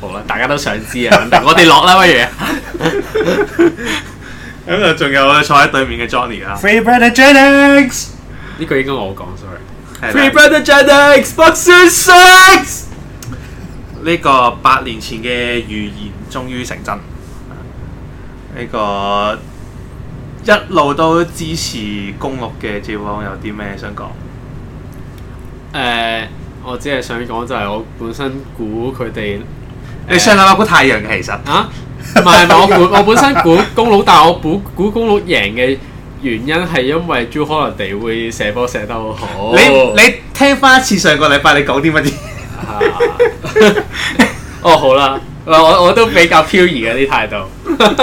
好啦，大家都想知啊，我哋落啦，不如咁啊。仲有我哋坐喺對面嘅 Johnny 啊。Free Brandon Jennings，呢個應該我講，sorry。Free Brandon Jennings，Bucks in 6呢個八年前嘅預言終於成真。呢個一路都支持公鹿嘅趙光有啲咩想講？誒，我只係想講就係我本身估佢哋。你上禮拜估太陽其實啊，唔係唔係我估，我本身估公鹿，但係我估估公鹿贏嘅原因係因為 Jrue Holiday 會射波射得好好。你你聽翻一次上個禮拜你講啲乜嘢？啊、 哦，好啦，我我都比較漂移嘅啲態度，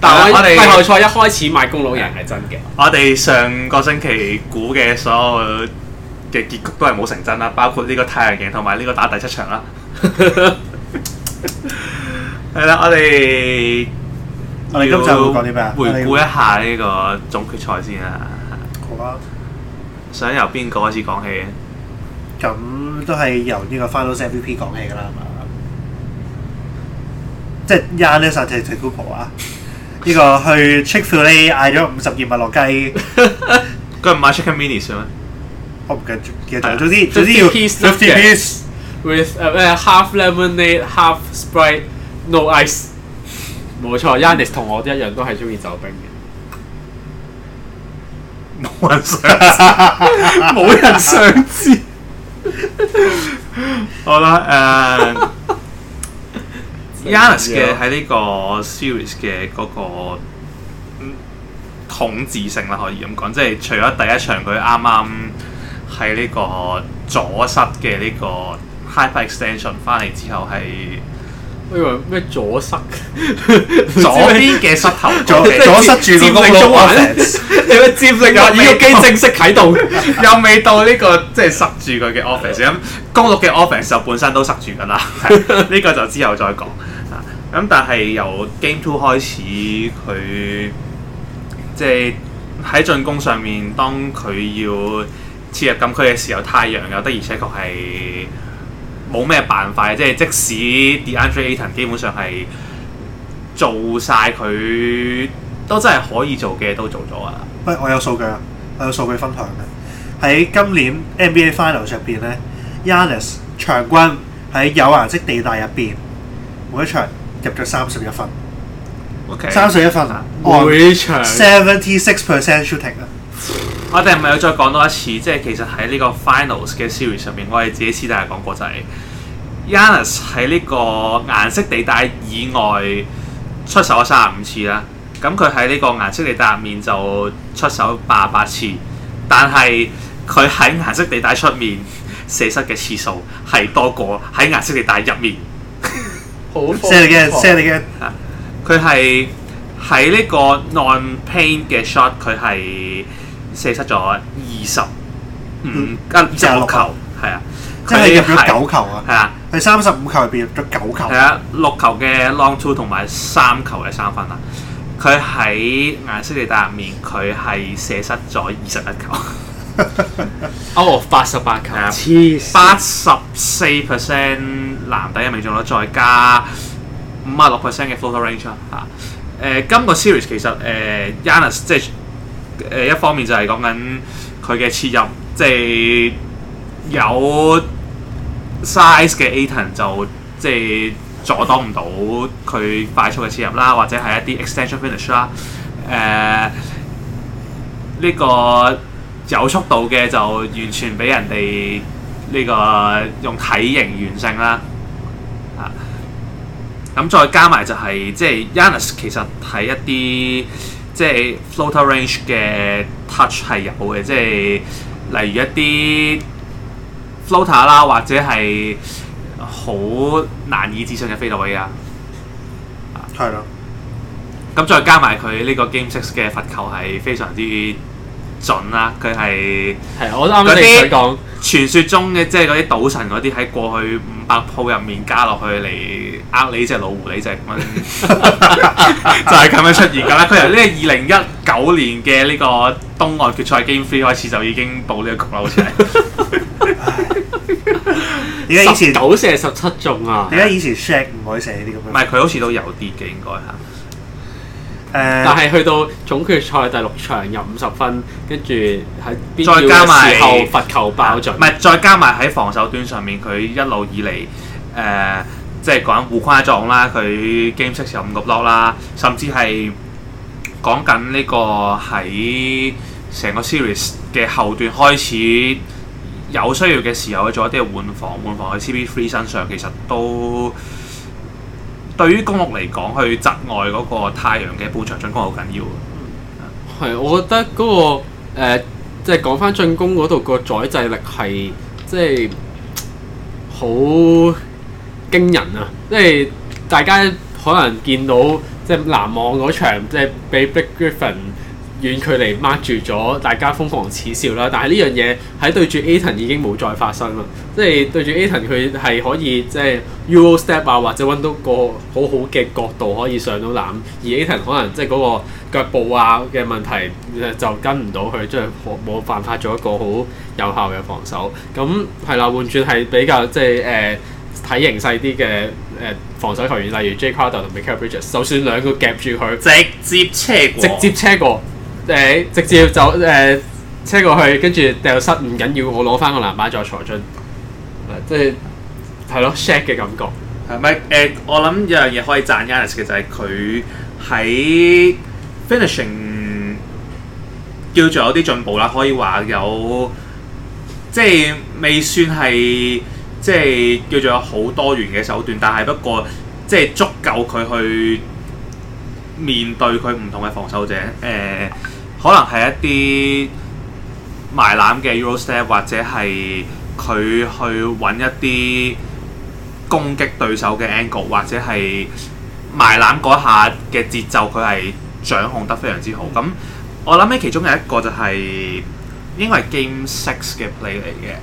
但係我哋季後賽一開始買公鹿贏係真嘅。我哋上個星期估嘅所有嘅結局都係冇成真啦，包括呢個太陽贏同埋呢個打第七場啦。 係啦，我哋我哋今集會講啲咩啊？回顧一下呢個總決賽先啦。好啊。想由邊個開始講起？咁都係由呢個 Finals MVP 講起噶啦，係嘛？即係 Giannis Antetokounmpo 啊！呢個去 Chick-fil-A 嗌咗五十件麥樂雞，佢唔係 Chick-fil-A Minis 咩？我唔記得咗，總之總之要，Fifty Pieces。with a、uh, half lemonade, half sprite, no ice。 冇錯，Yannis 同我都一樣都係中意走冰嘅。冇人想，冇人想知。好啦，誒 Yannis 嘅喺呢個 series 嘅嗰個統治性啦，可以咁講，即係除咗第一場佢啱啱喺呢個左膝嘅呢個。Hyper extension 翻嚟之後係，我以為咩阻塞左邊嘅膝頭， 左，左塞住到個公鹿 office。有個機正式喺度，又未到呢、這個即係、就是、塞住佢嘅 office、 嗯。咁公鹿嘅 office 就本身都塞住㗎啦。呢、 這個就之後再講，咁但係由 Game Two 開始，佢即係喺進攻上面，當佢要切入禁區嘅時候，太陽有得，而且確係。冇咩辦法，即係即使 DeAndre Ayton 基本上係做晒，佢，都真係可以做嘅都做咗啊！喂，我有數據啊，我有數據分享嘅。喺今年 NBA final 入邊咧，Giannis 場均喺有顏色地帶入邊每一場入咗三十一分，OK，三十一分啊，每場 seventy six percent shooting 啊。 我哋係咪要再講多一次？即係其實喺呢個 finals 嘅 series 上面，我哋自己私底下講過就係 Giannis 喺呢個顏色地帶以外出手咗三十五次啦。咁佢喺呢個顏色地帶入面就出手八十八次，但係佢喺顏色地帶出面射失嘅次數係多過喺顏色地帶入面。 好，犀利嘅，犀利嘅。佢係喺呢個 non-paint 嘅 shot，佢係。射失咗二十，嗯，跟六球，係啊，即係入咗九球啊，係啊，係三十五球入邊入咗九球，係啊，六球嘅 long two 同埋三球嘅三分啊。佢喺顏色地帶入面，佢係射失咗二十一球，哦，八十八球，黐、啊，八十四 percent 籃底嘅命中率再加五十六 percent 嘅 float range 啊。嚇、啊。誒、呃，今、這個 series 其實誒 Giannis、呃、即係。誒一方面就係講緊佢嘅切入，即、就、係、是、有 size 嘅 Ayton 就即係、就是、阻擋唔到佢快速嘅切入啦，或者係一啲 extension finish 啦。誒、呃、呢、這個有速度嘅就完全俾人哋呢個用體型完成啦。咁再加埋就係、是、即係、就是、Giannis 其實係一啲。即係 floater range 嘅 touch 係有嘅，即係例如一啲 floater 啦，或者係好難以置信嘅飛度位啊，係咯的。咁，嗯，再加埋佢呢個 game six 嘅罰球係非常之。準啦，佢係係我啱啱講傳説中嘅，即係嗰啲賭神嗰啲，喺過去五百鋪入面加落去嚟呃你呢隻老狐狸隻蚊，嗯、 就係咁樣出現噶啦。佢由呢個二零一九年嘅呢個東岸決賽 Game Three 開始就已經保呢個局啦，好似係。點 解以前賭射十七中啊？而家以前 Shack 唔可以射啲咁樣？唔係佢好似都有啲嘅，應該嚇。誒，uh, 但係去到總決賽第六場入五十分，跟住喺必要嘅時候罰球爆準，唔係、啊，再加埋喺防守端上面，佢一路以嚟誒，即係講緊護框啦，佢 game six 有五個 block 啦，甚至係講緊呢個喺成個 series 嘅後段開始有需要嘅時候，去做一啲換防，換防喺 CP3 身上，其實都。對於公鹿嚟講，去窒外嗰個太陽嘅半場進攻好緊要。係，我覺得嗰個誒，即係講返進攻嗰度個宰制力係，即係好驚人啊！即係大家可能見到，即係難忘嗰場，即係被 Blake Griffin。遠距離 mark 住咗大家瘋狂恥笑啦！但係呢樣嘢喺對住 Ayton 已經冇再發生啦，即係對住 Ayton 佢係可以即係 Euro step 啊，或者揾到個好好嘅角度可以上到籃，而、e、Ayton 可能即係嗰個腳步啊嘅問題就跟唔到佢，即係冇辦法做一個好有效嘅防守。咁係啦，換轉係比較即係誒體型細啲嘅誒防守球員，例如 Jae Crowder 同埋 Mikal Bridges，就算兩個夾住佢，直接車過，直接車過。誒、欸、直接就誒、呃、車過去，跟住掉失唔緊要，我攞翻個籃板再裁進，即係係咯 Shaq 嘅感覺。係咪誒？我諗有樣嘢可以讚 Giannis 嘅就係、是、佢喺 finishing 叫做有啲進步啦，可以話有即係未算係即係叫做有好多元嘅手段，但係不過即係足夠佢去。面對佢唔同嘅防守者，誒、呃，可能係一啲埋籃嘅 Euro step，或者係佢去揾一啲攻擊對手嘅 Angle，或者係埋籃嗰下嘅節奏，佢係掌控得非常之好。咁我諗起其中有一個就係、是、應該係 Game Six 嘅 play 嚟嘅，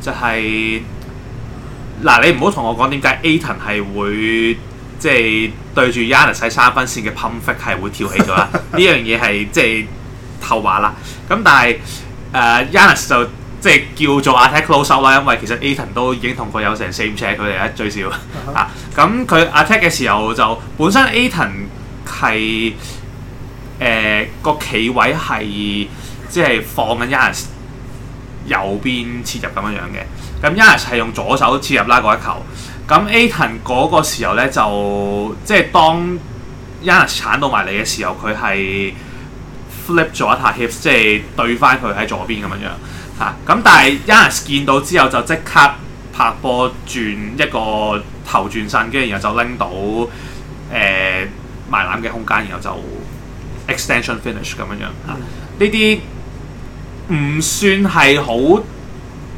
就係、是、嗱你唔好同我講點解 Ayton 係會。即係對住 Yannis 喺三分線嘅 p u m 係會跳起咗啦，呢樣嘢係即係透話啦。咁但係誒、呃、 Yannis 就即係、就是、叫做 attack 高手啦，因為其實 Aton 都已經同佢有成四五次佢哋啦，最少、uh huh. 啊。咁佢 attack 嘅時候就本身 Aton 係誒個、呃、企位係即係放緊 Yannis 右邊切入咁樣樣嘅，咁 Yannis 係用左手切入啦嗰一球。咁 Ayton 嗰個時候咧，就即係當 Giannis 鏟到埋嚟嘅時候，佢係 flip 咗一下 hips，即係對翻佢喺左邊咁樣樣嚇。咁、啊、但係 Giannis 見到之後就即刻拍波轉一個頭轉身，跟住然後就拎到誒埋籃嘅空間，然後就 extension finish 咁樣樣嚇。呢啲唔算係好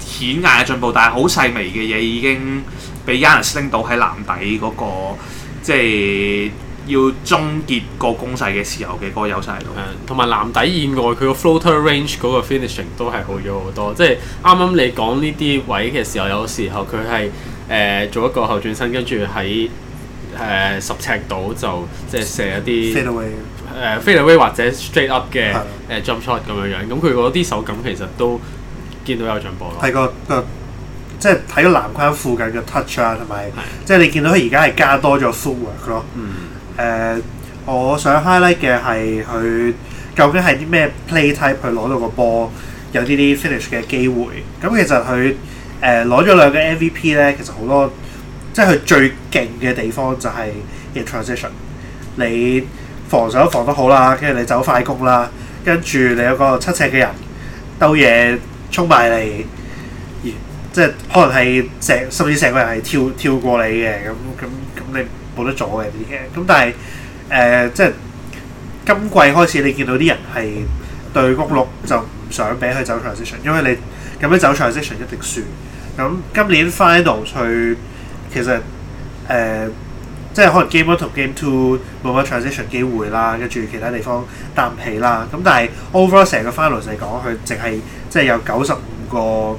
顯眼嘅進步，但係好細微嘅嘢已經。俾 Giannis 拎到喺籃底嗰、那個，即係要終結個攻勢嘅時候嘅嗰、那個優勢度。同埋籃底以外佢 flo 個 float range 嗰個 finishing 都係好咗好多。即係啱啱你講呢啲位嘅時候，有時候佢係誒做一個後轉身，跟住喺誒十尺度就即係射一啲誒 fade away 或者 straight up 嘅誒的、呃、jump shot 咁樣樣。咁佢嗰啲手感其實都見到有進步咯。係個。嗯即係睇到籃框附近嘅 touch 啊，同埋即係你見到佢而家係加多咗 footwork 咯、啊。誒、嗯呃，我想 highlight 嘅係佢究竟係啲咩 play type 去攞到個波有啲啲 finish 嘅機會。咁其實佢誒攞咗兩個 MVP 咧，其實好多即係佢最勁嘅地方就係 transition。你防守一防得好啦，跟住你走快攻啦，跟住你有個七尺嘅人兜嘢衝埋嚟。即係可能係成甚至成個人係跳跳過你嘅，咁咁咁，你冇得阻嘅啲嘢。咁但係誒、呃，即係今季開始你見到啲人係對谷六就唔想俾佢走 transition，因為你咁樣走 transition 一定輸。咁今年 final 去其實誒、呃，即係可能 game one 同 game two 冇乜 transition 機會啦，跟住其他地方擔起啦。咁但係 over 成個 final 就係講，佢淨係即係有九十五個，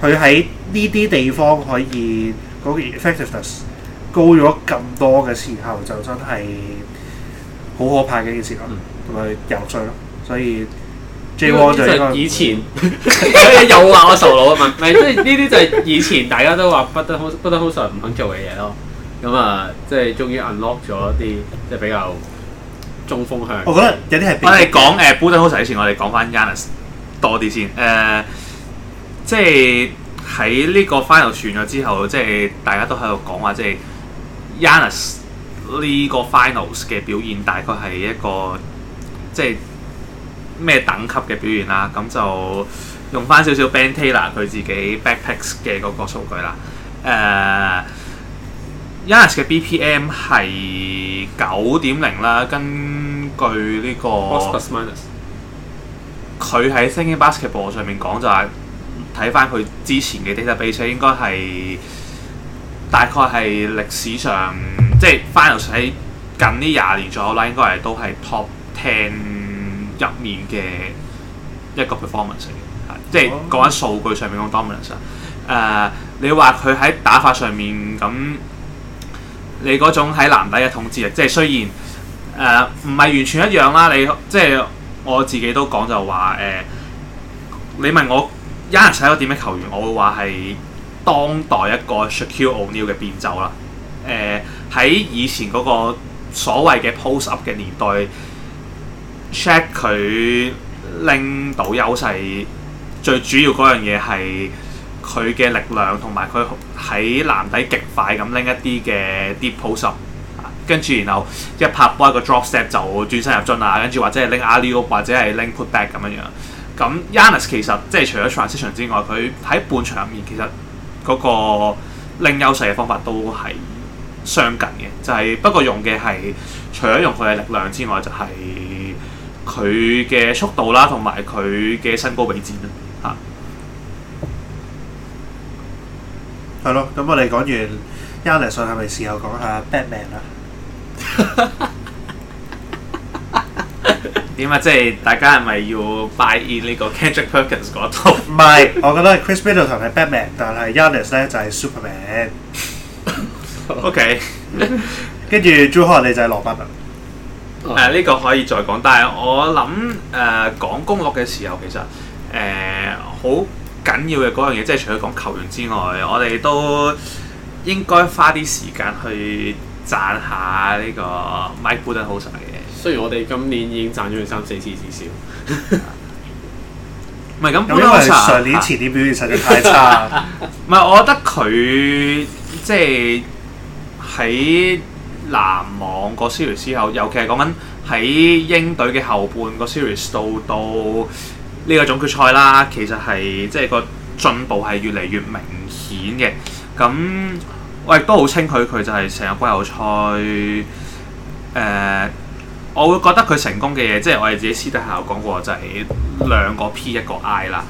佢喺呢啲地方可以嗰個 effectiveness 高咗咁多嘅時候，就真係好可怕嘅件事咯、嗯，同埋游水咯。所以 j 以前佢嘅遊覽啊，熟老啊嘛，咪即係呢啲就係以前大家都話 Budenholzer Budenholzer 唔肯做嘅嘢咯。咁啊，即係終於 unlock 咗一啲即係比較中風向。我覺得有啲係我哋講誒 Budenholzer 之前我講，我哋講翻 Giannis 多啲先誒。即係喺呢個 final 完咗之後，即係大家都喺度講話，即係 Yannis 呢個 final 嘅表現大概係一個即係咩等級嘅表現啦。咁就用翻少少 Ben Taylor 佢自己 backpacks 嘅嗰個數據啦。誒、呃、Yannis 嘅 BPM 係九點零啦。根據呢、這個，佢喺《Thinking Basketball》上面講就係。睇翻佢之前嘅 data base，應該係大概係歷史上，即係 final 喺近呢廿年左右啦，應該係都係 top ten 入面嘅一個 performance，即係講緊數據上面嘅 dominance、呃。誒，你話佢喺打法上面咁，那你嗰種喺籃底嘅統治力，即係雖然誒唔係完全一樣啦。你即係我自己都講就話誒、呃，你問我。有人睇到點樣球員，我會話係當代一個 Shaquille O'Neal 嘅變奏啦。誒喺以前嗰個所謂嘅 post up 嘅年代，check 佢拎到優勢，ertas prayed 最主要嗰樣嘢係佢嘅力量同埋佢喺籃底極快咁拎一啲嘅 deep post up，跟住然後一拍 ball 個 drop step 就轉身入樽啊，跟住或者係拎 alley oop 或者係拎 put back 咁樣樣。咁 Giannis 其實即係除咗 transition 之外，佢喺半場入面其實嗰個拎優勢嘅方法都係相近嘅，就係、是、不過用嘅係除咗用佢嘅力量之外，就係佢嘅速度啦，同埋佢嘅身高臂展啦，嚇。係咯，咁我哋講完 Giannis，係咪試下講下 Batman 啊？ 點啊？即係大家係咪要 buy in 呢個 Kendrick Perkins 嗰度？唔係，我覺得 Chris Middleton 係 Batman，但係 Giannis 咧就係 Superman。OK，跟住 Joel 你就係羅賓啦。誒呢、oh, okay. uh, 個可以再講，但係我諗誒講公鹿嘅時候，其實誒好緊要嘅嗰樣嘢，即係除咗講球員之外，我哋都應該花啲時間去贊下呢個 Mike Budenholzer 嘅。雖然我哋今年已經讚咗佢三四次哈哈哈哈， 至少唔係咁，因為上年前年表現實在太差。唔係，我覺得佢即係喺籃網個 series 之後，尤其係講緊喺鷹隊嘅後半個 series 到到呢個總決賽啦。其實係即係個進步係越嚟越明顯嘅。咁我亦都好清佢，佢就係成個季後賽誒。呃我會覺得佢成功嘅嘢，即係我哋自己私底下有講過，就係兩個 P 一個 I 啦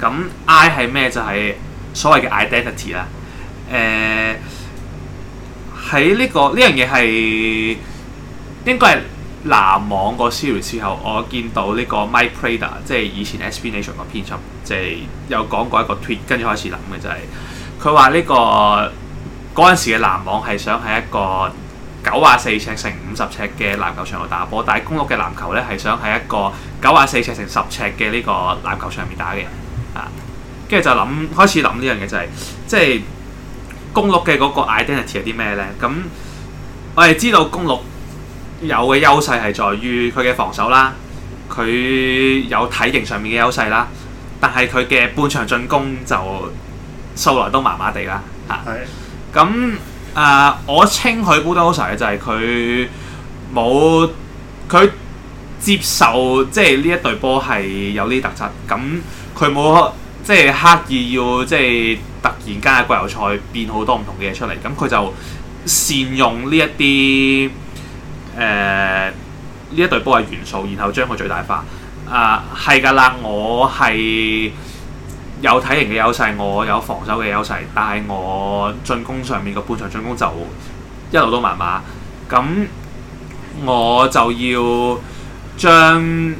嚇。咁 I 係咩？就係、是、所謂嘅 identity 啦。誒，喺呢個呢樣嘢係應該係籃網個 series 之後，我見到呢個 Mike Prada，即係以前 SB Nation 嘅編輯，即係有講過一個 tweet，跟住開始諗嘅就係佢話呢個嗰陣時嘅籃網係想係一個。九啊四尺乘五十尺嘅籃球場度打波，但係公鹿嘅籃球咧係想喺一個九啊四尺乘十尺嘅呢個籃球場入面打嘅，啊，跟住就諗開始諗呢樣嘢就係、是，即係公鹿嘅嗰個 identity 係啲咩咧？咁我哋知道公鹿有嘅優勢係在於佢嘅防守啦，佢有體型上面嘅優勢啦，但係佢嘅半場進攻就素來都麻麻地啦，嚇、啊，咁。誒，uh, 我稱佢 Budenholzer 嘅就係佢冇佢接受，即係呢一隊波係有呢啲特質，咁佢冇即係刻意要即係、就是、突然間喺季油賽變好多唔同嘅嘢出嚟，咁佢就善用呢一啲誒呢一隊波嘅元素，然後將佢最大化。誒，係㗎喇，我係。有體型嘅優勢，我有防守嘅優勢，但係我進攻上面個半場進攻就一路都麻麻，咁我就要將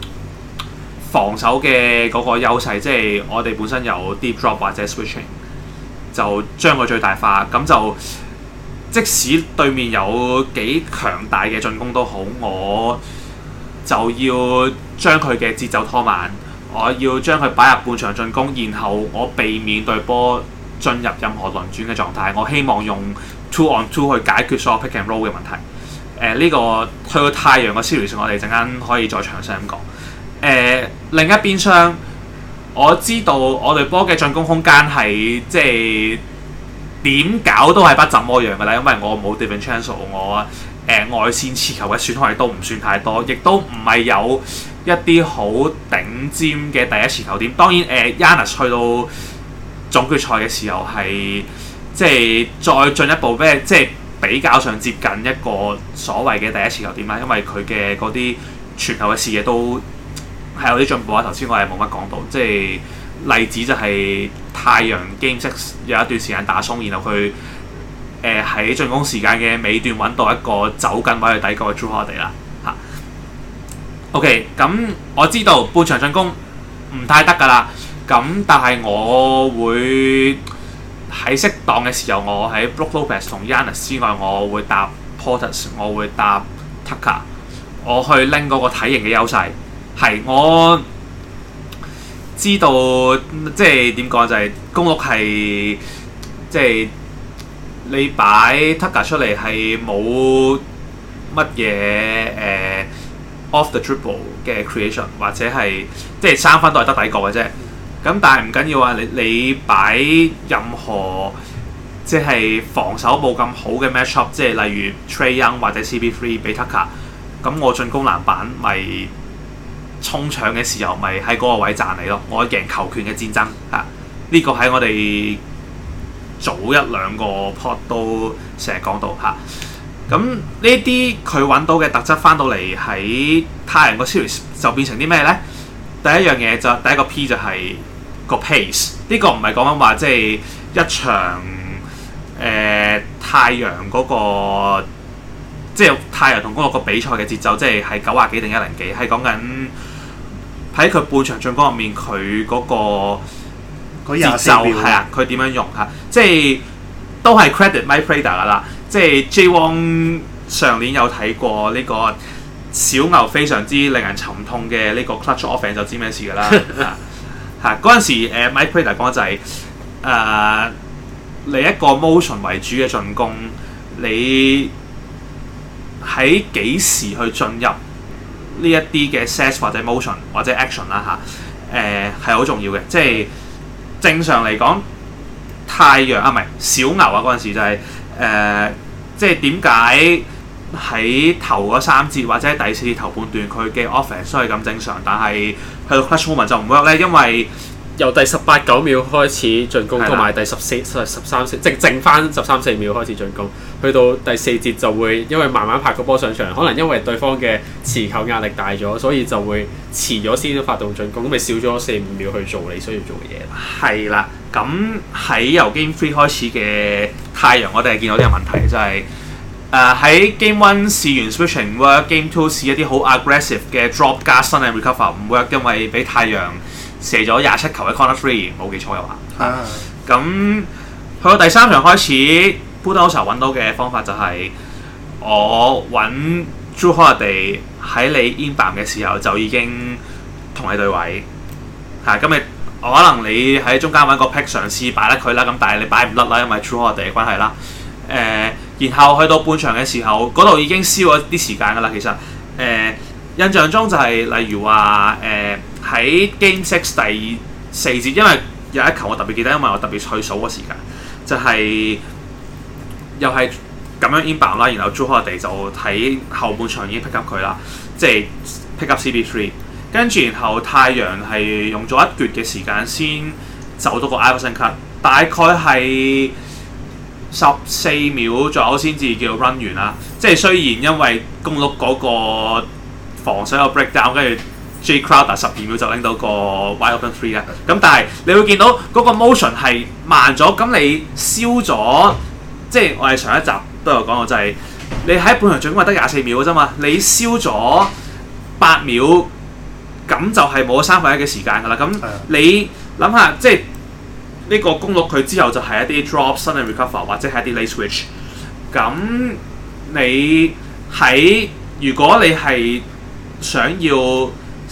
防守嘅嗰個優勢，即係我哋本身有 deep drop 或者 switching，就將佢最大化，咁就即使對面有幾強大嘅進攻都好，我就要將佢嘅節奏拖慢。我要將佢擺入半場進攻，然後我避免對波進入任何輪轉嘅狀態。我希望用 two on two 去解決所有 pick and roll 嘅問題。誒、呃、呢、這個去到太陽嘅 series，我哋陣間可以再詳細咁講。誒、呃、另一邊廂，我知道我對波嘅進攻空間係即係點搞都係不怎麼樣㗎啦，因為我冇 deepen chance，我誒、呃、外線持球嘅損害都唔算太多，亦都唔係有一啲好頂尖嘅第一持球點，當然誒、呃、Giannis 去到總決賽嘅時候係即係再進一步，咩即係比較上接近一個所謂嘅第一持球點啦。因為佢嘅嗰啲傳球嘅視野都係有啲進步啊。頭先我係冇乜講到，即係例子就係太陽 Game Six 有一段時間打鬆，然後佢誒喺進攻時間嘅尾段揾到一個走緊位去抵擋嘅 Jrue Holiday 啦。O.K. 咁我知道半場進攻唔太得㗎啦。咁但係我會喺適當嘅時候，我喺 Brook Lopez 同 Giannis 之外，我會搭 Portis，我會搭 Tucker。我去拎嗰個體型嘅優勢。係我知道即係點講就係公屋係即係你擺 Tucker 出嚟係冇乜嘢誒，呃 off the triple 嘅 creation 或者係即係三分都係得底個嘅啫，咁但係唔緊要啊！你你擺任何即係防守冇咁好嘅 matchup，即係例如 Trae Young 或者 CB3 俾 Tucker，咁我進攻籃板咪沖搶嘅時候咪喺嗰個位賺你咯！我贏球權嘅戰爭嚇，呢、這個喺我哋早一兩個 pod 都成日講到嚇。這個咁呢啲佢揾到嘅特質翻到嚟喺太陽個 series 就變成啲咩咧？第一樣嘢就第一個 P 就係個 pace，呢個唔係講緊話即係一場誒、呃、太陽嗰、那個即係、就是、太陽同公鹿個比賽嘅節奏，即係係九啊幾定一零幾係講緊，喺佢半場進攻入面佢嗰個節奏係啊，佢點樣用吓，即、就、係、是、都係 credit my player 噶啦。即係 Jay Wong 上年有睇過，呢個小牛非常之令人沉痛嘅呢個 clutch offence 就知咩事噶啦嚇嗰陣時，uh, Mike Prater 講就係，誒、啊、你一個 motion 為主嘅進攻，你喺幾時去進入呢一啲嘅 set 或者 motion 或者 action 啦嚇誒係好重要嘅，即係正常嚟講太陽啊唔係小牛啊嗰陣時就係、是。誒，uh, 即係點解喺頭嗰三節或者喺第四節頭半段佢嘅 offence 所以咁正常，但係去到 clutch 就唔 work 咧，因為。由第十八九秒開始進攻，同埋的第十四十三四，淨淨翻十三四秒開始進攻，去到第四節就會因為慢慢拍個波上場，可能因為對方嘅持球壓力大咗，所以就會遲咗先都發動進攻，咁咪少咗四五秒去做你需要做嘅嘢啦。係啦，咁喺由 Game Three 開始嘅太陽，我哋係見到啲問題，就係，就係誒喺 Game One 試完 Switching Work，Game Two 試一啲好 Aggressive 嘅 Drop 加深嘅 Recover 唔 work，因為俾太陽。射咗廿七球嘅 counter three，冇記錯嘅話。咁、啊、去到第三場開始，Puton 嗰時候揾到嘅方法就係、是、我揾 r e w h o l i d a y 喺你 in 板嘅時候就已經同你對位。嚇！咁你可能你喺中間揾個 p i c k 嘗試擺甩佢啦，咁但係你擺唔甩啦，因為 r e w h o l i d a y 嘅關係啦。誒、呃，然後去到半場嘅時候，嗰度已經消咗啲時間噶啦。其實誒、呃，印象中就係、是、例如話誒。呃喺 Game Six 第四節，因為有一球我特別記得，因為我特別去數個時間，就係、是、又係咁樣 inbound 啦，然後朱克地就喺後半場已經 pick up 佢啦，即、就、係、是、pick up CB Three，跟住然後太陽係用咗一橛嘅時間先走到個 Iverson cut，大概係十四秒左右先至叫 run 完啦，即係雖然因為公鹿嗰個防守有 breakdown，跟住。J Crowder 十二秒就拎到個 Wide Open Three 啦。咁但係你會見到嗰個 motion 係慢咗，咁你燒咗即係我哋上一集都有講過，就係你喺半場進攻係得廿四秒嘅啫嘛。你燒咗八秒，咁就係冇三分一嘅時間㗎啦。咁你諗下，即係呢個攻落佢之後，就係一啲 drop sink and recover 或者係一啲 late switch。咁你喺如果你係想要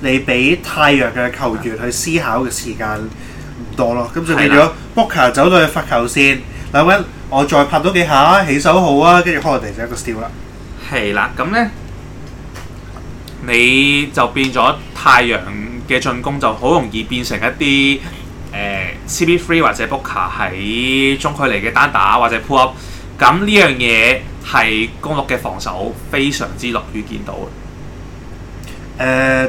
你俾太陽嘅球員去思考嘅時間唔多咯，咁就變咗。的 Booker 走到去罰球線，兩位，我再拍多幾下起手好啊，跟住 Holiday 就一個 steal 啦。係啦，咁咧你就變咗太陽嘅進攻就好容易變成一啲誒 CP3 或者 Booker 喺中距離嘅單打或者 pull up。咁呢樣嘢係公鹿嘅防守非常之樂於見到嘅。呃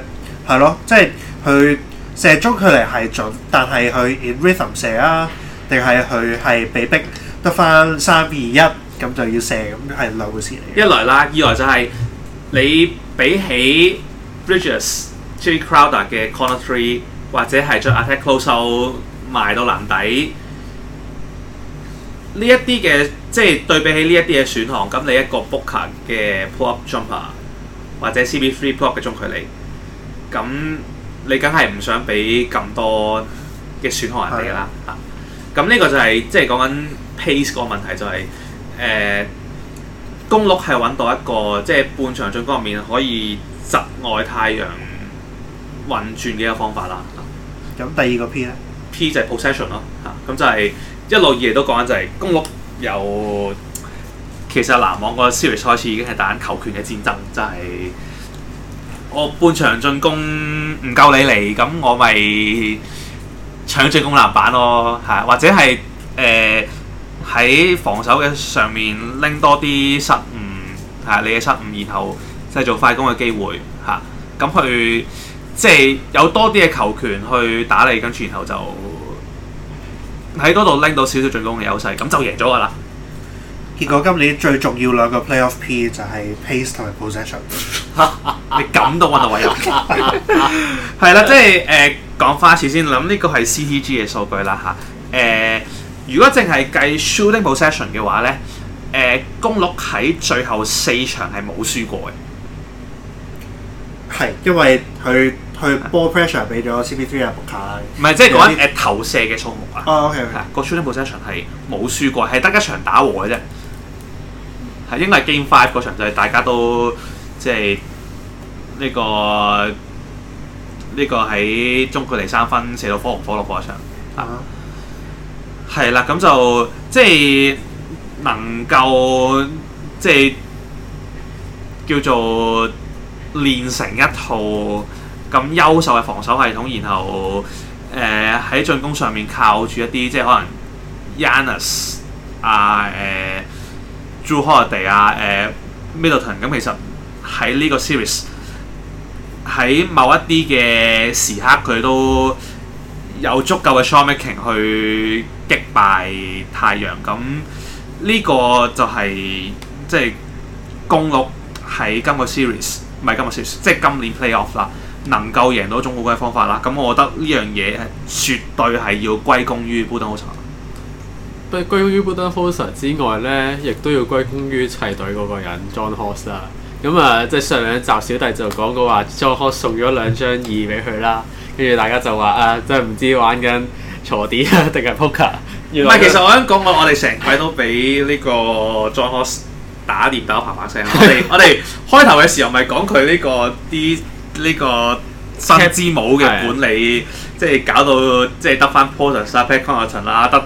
係咯，即係佢射中距離係準，但係佢 in rhythm 射啊，定係佢係被逼得翻三二一咁就要射，咁係兩回事嚟。一來啦，二來就係、是、你比起 Bridges、Jae Crowder 嘅 Corner Three，或者係將 Attack Closeout 賣到籃底呢一啲嘅，即係對比起呢一啲嘅選項，咁你一個 Booker 嘅 Pull Up Jumper 或者 CB Three Pop 嘅中距離。咁你梗係唔想俾咁多嘅損害人哋啦嚇！咁呢的、啊、個就係、是、即係講緊 pace 嗰個問題、就是，就係誒公鹿係揾到一個即係半場進攻入面可以窒外太陽運轉嘅一個方法啦。咁第二個 P 咧，P 就係 possession 咯嚇，咁、啊、就係一路以嚟都講緊就係公鹿由其實籃網個 series 開始已經係打緊球權嘅戰爭，就係、是。我半場進攻唔夠你嚟，咁我咪搶進攻籃板咯，嚇或者係誒喺防守嘅上面拎多啲失誤嚇、啊，你嘅失誤，然後製造快攻嘅機會嚇，咁去即係有多啲嘅球權去打你，跟住然後就喺嗰度拎到少少進攻嘅優勢，咁就贏咗㗎啦。結果今年最重要兩個 playoff P 就係 pace 同埋 possession，你咁都運動為由？係啦，即係誒講花次先，咁呢個係 CTG 嘅數據啦嚇。誒，如果淨係計 shooting possession 嘅話咧，誒公鹿喺最後四場係冇輸過嘅，係因為佢佢 ball pressure 俾咗 CP3 阿布卡，唔係即係講誒投射嘅數目啊。哦，OK，OK，個 shooting possession 係冇輸過，係得一場打和嘅啫。係，因為 Game Five 嗰場就係大家都即係呢個呢、呢個喺中距離三分射到科唔科六嗰場係啦，咁、uh huh. 就即係能夠即係叫做練成一套咁優秀嘅防守系統，然後誒喺進攻上面靠住一啲即係可能 Giannis 啊誒。呃 Jrue Holiday 啊，uh, 誒，Middleton 咁其實喺呢個 series，喺某一啲嘅時刻佢都有足夠嘅 shot making 去擊敗太陽，咁呢個就是就是、個係即係公鹿，喺今個 series，唔係今個 series，即係今年 playoff 啦，能夠贏到總冠軍嘅方法啦，咁我覺得呢樣嘢絕對係要歸功於布登霍芬。不歸功於 Budenholzer 之外咧，亦都要歸功於砌隊嗰個人 Jon Horst 啦。咁啊，即、呃、係上兩集小弟就講過話，Jon Horst 送咗兩張二俾佢啦。跟住大家就話啊，即係唔知玩緊鋤碟啊，定係 poker？唔係，其實我想講我我哋成鬼都俾呢個 Jon Horst 打電話啪啪聲。 我哋我哋開頭嘅時候咪講佢呢個啲呢個新之母嘅管理，的即係搞到即係得翻 Portis 啦、Pat Connaughton 啦、得、啊。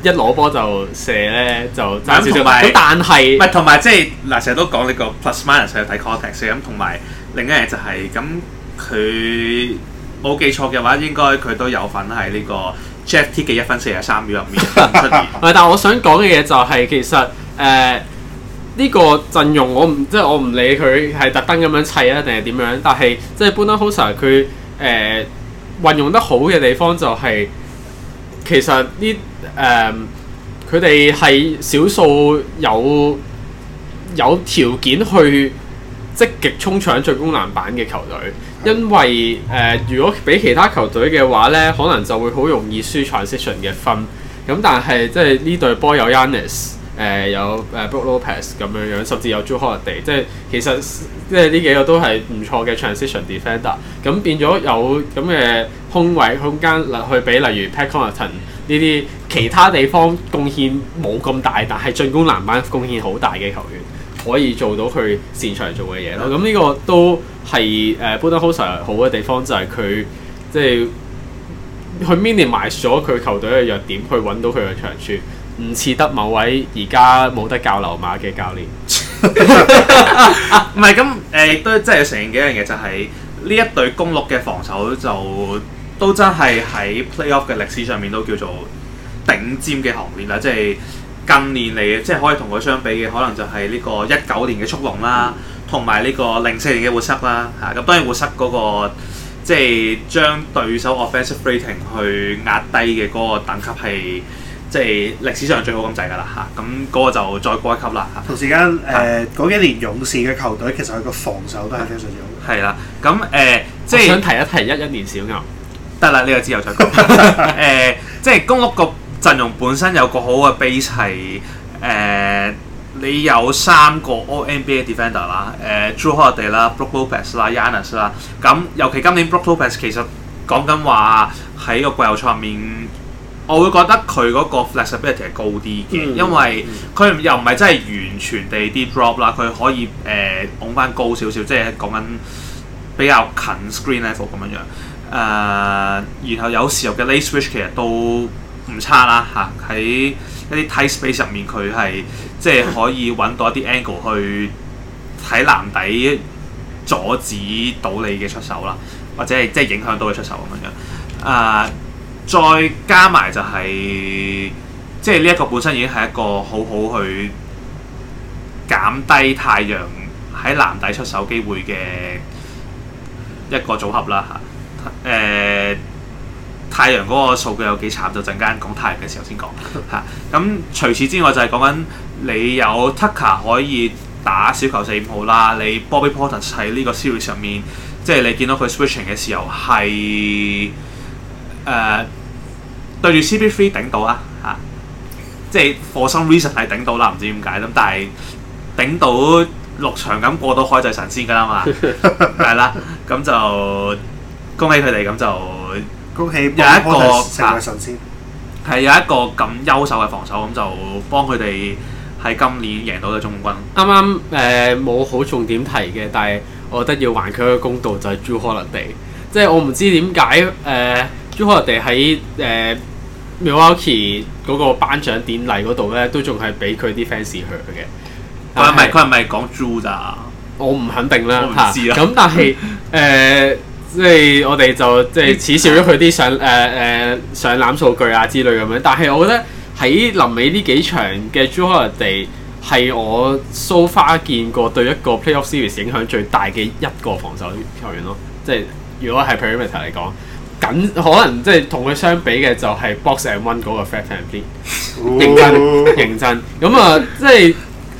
一攞波就射咧，就爭少少。但係唔係同埋即係嗱，成日都講呢個 plus minus 睇 context 咁，同埋另一樣就係咁佢冇記錯嘅話，應該佢都有份喺呢個 jet 嘅一分四十三秒入面唔係，但係我想講嘅嘢就係、是、其實誒呢、呃呢個陣容，我唔即係我唔理佢係特登咁樣砌啊，定係點樣？但係即係 Budenholzer 佢誒運用得好嘅地方就係、是。其實呢誒，佢哋係少數有有條件去積極衝搶進攻籃板嘅球隊，因為誒、呃，如果俾其他球隊嘅話咧，可能就會好容易輸搶 s u t i o n 嘅分。咁但係即係呢隊波有誒、呃、有誒 Brook Lopez 咁樣樣，甚至有 Jrue Holiday 即係其實即係呢幾個都係唔錯嘅 transition defender，咁變咗有咁嘅空位空間去俾，例如 Pat Connaughton 呢啲其他地方貢獻冇咁大，但係進攻籃板貢獻好大嘅球員，可以做到佢擅長做嘅嘢咯。咁呢個都係誒 Budenholzer 好嘅地方，就係、是、佢即係去 minimize 咗佢球隊嘅弱點，去揾到佢嘅長處。唔似得某位而家冇得教流馬嘅教練，唔係咁，誒，都真係承認幾樣嘢，就係呢一隊公鹿嘅防守就都真係喺 playoff 嘅歷史上面都叫做頂尖嘅行列啦，即係近年嚟即係可以同佢相比嘅，可能就係呢個一九年嘅速龍啦，同埋呢個零四年嘅活塞啦嚇。咁當然活塞嗰個即係將對手 offensive rating 去壓低嘅嗰個等級係。即係歷史上最好咁滯㗎喇吓，咁、那、嗰個就再過一級啦。同時間誒嗰幾年勇士嘅球隊其實佢個防守都係非常之好。係啦，咁誒即係。呃就是、想提一提一一年小牛，得啦，呢個之後再講。誒、 呃，即係公鹿個陣容本身有個好嘅 base 係誒、呃，你有三個 all NBA defender、呃、啦，誒 Jrue Holiday 啦、Brook Lopez 啦、Giannis 啦。咁尤其今年 Brook、ok、Lopez 其實講緊話喺個季後賽入面。我會覺得佢嗰個 flexibility 係高啲嘅，因為佢又唔係真係完全地 deep drop 啦，佢可以誒往翻高少少，即係講緊比較近 screen level 咁樣樣。誒、呃，然後有時候嘅 late switch 其實都唔差啦嚇，喺、啊、一啲 tight space 入面佢係即係可以揾到一啲 angle 去睇籃底阻止到你嘅出手啦，或者係即係影響到佢出手咁樣。誒、呃。再加埋就係、是，即係呢一個本身已經係一個好好去減低太陽喺籃底出手機會嘅一個組合啦嚇。誒、呃，太陽嗰個數據有幾慘？就陣間講太陽嘅時候先講嚇。咁、啊、除此之外就係講緊你有 Tucker 可以打小球四五號啦，你 Bobby Portis 喺呢個 series 上面，即、就、係、是、你見到佢 switching 嘅時候係誒。呃對住 CP3 頂到啊，嚇！即係 for some reason 係頂到啦，唔知點解啦。但係頂到六場咁過到海就神仙噶啦嘛，係啦。咁就恭喜佢哋，咁就恭喜有一個成為神仙，係有一個咁優秀嘅防守，咁就幫佢哋喺今年贏到咗冠軍。啱啱誒冇好重點提嘅，但係我覺得要還佢一個公道就係 Jrue Holiday，即係我唔知點解誒。朱克地喺誒 Milwaukee 嗰個頒獎典禮嗰度咧，都仲係俾佢啲 fans hear 嘅。佢係咪佢係咪講朱咋？我唔肯定啦，唔知。咁、啊、但係誒、 呃，即係我哋就即係恥笑咗佢啲上誒誒、呃、上籃數據啊之類咁樣。但係我覺得喺臨尾呢幾場嘅朱克地，係我 so far 見過對一個 playoff series 影響最大嘅一個防守球員咯。即係如果係 perimeter 嚟講。緊可能即係同佢相比嘅就係 Box and One 嗰個 Fat and Thin 認真 認真咁啊！即係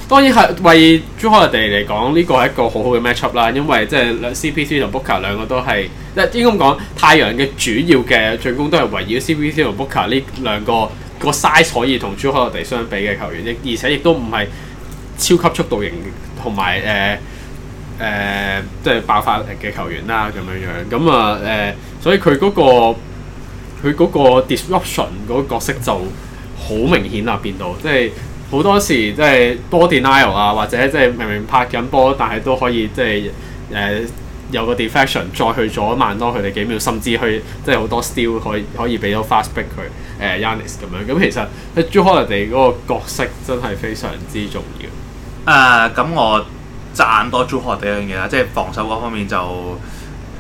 當然係為 Jrue Holiday 嚟講呢個係一個好好嘅 match up 啦，因為即係 CP3 同 Booker 兩個都係，即係應該咁講，太陽嘅主要嘅進攻都係圍繞 CP3 同 Booker 呢兩個、個 size 可以同 Jrue Holiday 相比嘅球員，亦而且亦都唔係超級速度型同埋誒誒即係爆發嘅球員啦。咁樣樣咁啊誒。呃所以佢嗰、那個佢嗰 disruption 嗰個 dis 角色就好明顯啊，嗯、變到即係好多時即係 denial 啊，或者即係明明拍緊波，但係都可以即係誒、呃、有個 deflection 再去咗慢多佢哋幾秒，甚至去即係好多 steal 可以 al, 可以俾到 fast break 佢誒 Giannis、呃、咁樣。咁、嗯、其實 Jrue Holiday 嗰個角色真係非常之重要。誒、呃，咁我讚多 Jrue Holiday 樣嘢啦，即係防守嗰方面就誒。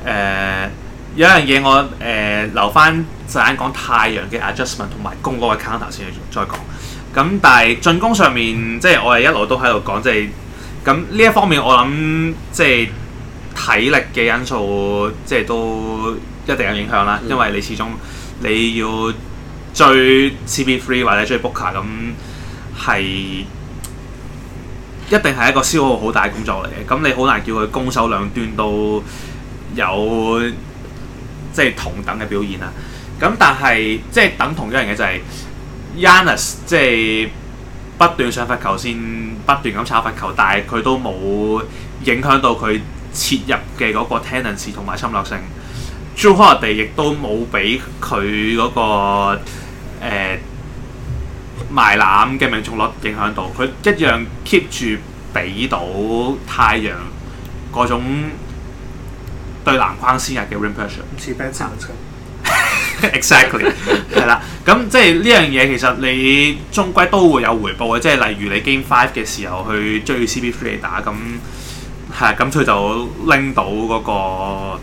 呃有樣嘢我誒、呃、留翻陣間講太陽嘅 adjustment 同埋攻嗰個 counter 先再講。咁但係進攻上面，即係我係一路都喺度講，即係咁呢一方面，我諗即係體力嘅因素，即係都一定有影響啦。嗯、因為你始終你要追 CP3 或者追 Booker 咁係一定係一個消耗好大嘅工作嚟嘅。咁你好難叫佢攻守兩端都有。即係同等嘅表現啦，咁但係即係等同一樣嘢，就係、是、Giannis，即係不斷上罰球線，不斷咁炒罰球，但係佢都冇影響到佢切入嘅嗰個 tendency 同埋侵略性。Jrue Holiday 亦都冇俾佢嗰個誒埋籃嘅命中率影響到，佢一樣 keep 住俾到太陽嗰種。對籃框施壓嘅 rim pressure，唔似 b e r e exactly 係啦。咁即係呢樣嘢，其實你終歸都會有回報嘅。即係例如你 Game Five 嘅時候去追 CP3 嚟打，咁係啊，咁佢就拎到嗰、嗰個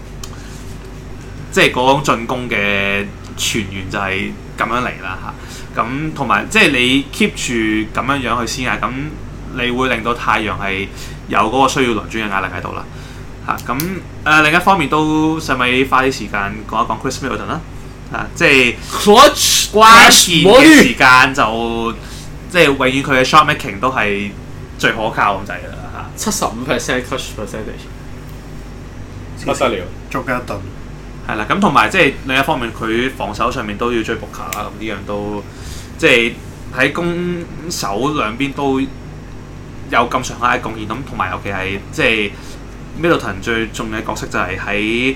即係嗰種進攻嘅傳員就，就係咁樣嚟啦嚇。咁同埋即係你 keep 住咁樣樣去施壓，咁你會令到太陽係有嗰個需要輪轉嘅壓力喺度啦。嚇，咁誒，另一方面都使咪花啲時間講一講 Chris Middleton 啦嚇，啊，即係關鍵嘅時間就鞭鞭，即係永遠佢嘅 shot making 都係最可靠咁滯啦嚇。七十五 percent clutch percentage，不得了，捉一頓。係啦，咁同埋即係另一方面，佢防守上面都要追 book 卡啦，咁呢樣都即係喺攻守兩邊都有咁上下嘅貢獻。咁同埋尤其係即係。Middleton 最重要嘅角色就係喺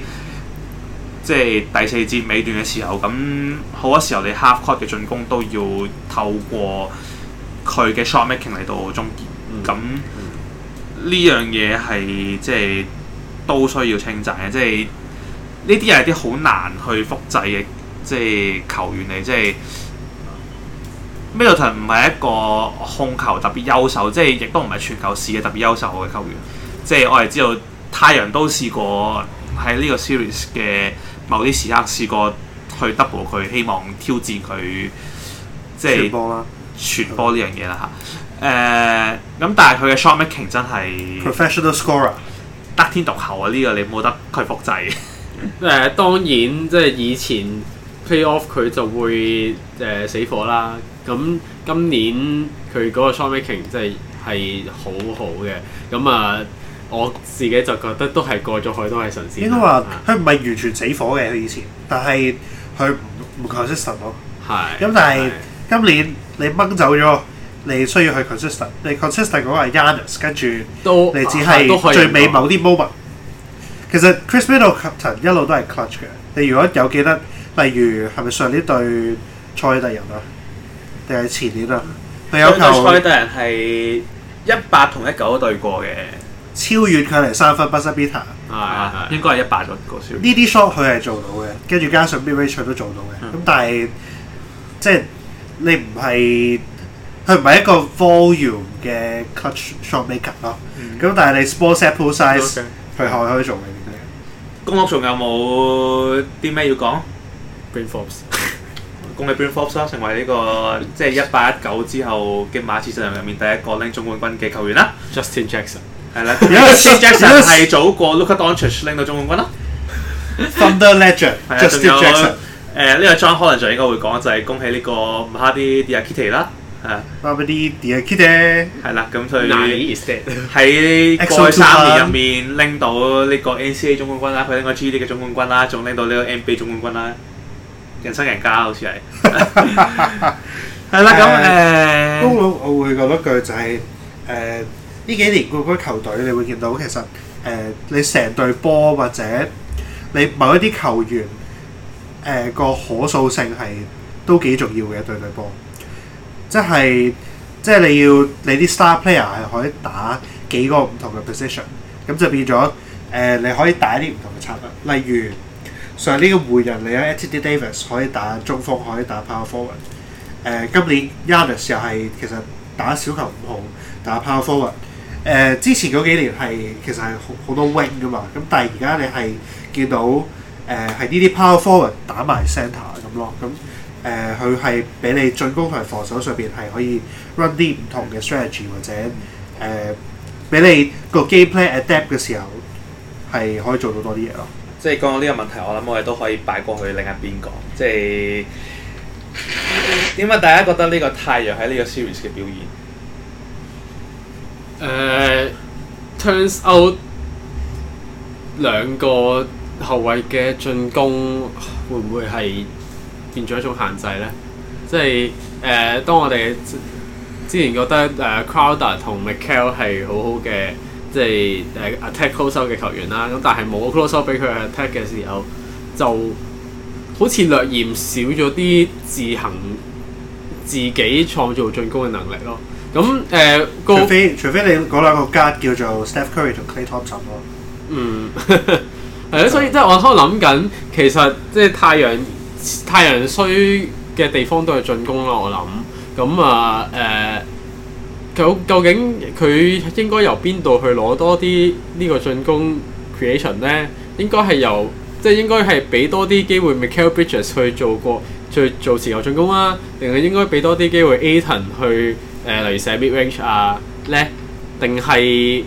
即係第四節尾段嘅時候，咁好多時候你 Half Court 嘅進攻都要透過佢嘅 Shot Making 嚟到終結，咁呢樣嘢係即係都需要稱讚嘅，即係呢啲係啲好難去複製嘅，即係球員嚟，即係 Middleton 唔係一個控球特別優秀，即係亦都唔係全球視嘅特別優秀嘅球員，即係我係知道，太陽都試過喺呢個 series 嘅某啲時刻試過去 double 佢，希望挑戰佢即係傳波啦，傳波呢樣嘢啦吓，誒、呃，咁、嗯、但係佢嘅 shot making 真係 professional scorer，得天獨厚啊！呢、這個你冇得佢複製。誒、呃，當然即係、就是、以前 play off 佢就會誒、呃、死火啦。咁今年佢嗰個 shot making 真係係好好嘅。咁啊～、呃我自己就覺得都係過咗去，都係神仙。應該話佢唔係完全死火嘅，佢以前，但係佢唔 consistent 咯。係是。咁但係今年你掹走咗，你需要去 consistent。你 consistent 嗰個係 Giannis，跟住都，你只係最尾某啲 moment。啊啊、其實 Chris Middleton 一路都係 clutch 嘅。你如果有記得，例如係咪上年對賽特人啊？定係前年啊？佢有球。對賽特人係一八同一九都對過嘅。超越距離三分，Buzzer Beater，係係應該係一百個個數。呢啲 shot 佢係做到嘅，跟住加上 Mid Range 都做到嘅。咁但係即係你唔係，佢唔係一個 Volume 嘅 Catch Shot Maker 咯。咁但係你 Sports Sample Size 佢可以做嘅。公鹿仲有冇啲咩要講？Bryn Forbes，恭喜 Bryn Forbes 啦！成為呢個即係一八一九之後嘅馬刺陣容入面第一個拎總冠軍嘅球員啦，Justin Jackson。係啦，而家 Jrue 係早過 Luka Doncic 攞到總冠軍啦。Thunder Legend，Jrue。誒，呢個 Jrue Holiday 應該會講就係恭喜呢個 Mamadi Diakite 啦，係。Mamadi Diakite。係啦，咁所以。Nike is dead。喺過去三年入面拎到呢個 NCAA 總冠軍啦，佢拎過 G 聯賽總冠軍啦，仲拎到呢個 NBA 總冠軍啦，人生贏家好似係。係啦，咁誒。公老我會講一句就係誒。呢幾年個個球隊，你會見到其實誒、呃，你成隊波或者你某一啲球員誒個、呃、可塑性係都幾重要嘅。隊隊波即係即係你要你啲 star player 係可以打幾個唔同嘅 position，咁就變咗誒、呃，你可以打啲唔同嘅策略。例如上年嘅湖人嚟有 Anthony Davis 可以打中鋒，可以打 power forward、呃。誒今年 Giannis 又係其實打小球唔好，打 power forward。誒、呃、之前嗰幾年係其實係好好多 wing 㗎嘛，咁但係而家你係見到誒係呢啲 power forward 打埋 center 咁咯，咁誒佢係俾你進攻同防守上面係可以 run 啲唔同嘅 strategy 或者誒俾、呃、你個 game plan adapt 嘅時候係可以做到多啲嘢咯。即係講到呢個問題，我諗我哋都可以擺過去另一邊講。即係點解大家覺得呢個太陽喺呢個 series 嘅表現？.誒 turns、uh, out 兩個後衞嘅進攻會唔會係變咗一種限制咧？即係誒當我哋之前覺得誒、uh, Crowder 同 Mikal 係好好嘅，即係誒 attack closeout 嘅球員啦。咁但係冇 closeout 俾佢 attack 嘅時候，就好似略嫌少咗啲自行自己創造進攻嘅能力咯。咁誒、呃，除非除非你嗰兩個 guard 叫做 Steph Curry 同 Klay Thompson 咯。嗯，係啊。嗯、所以即係我可能諗緊，其實即係太陽太陽衰嘅地方都係進攻啦。我諗咁啊，誒，咁、呃呃、究，究竟佢應該由邊度去攞多啲呢個進攻 creation 咧？應該係由即係應該係俾多啲機會 Michael Bridges 去做過去做自由進攻啦，定係應該俾多啲機會 Ayton、e、去？誒、呃，例如寫 mid range 啊，咧定係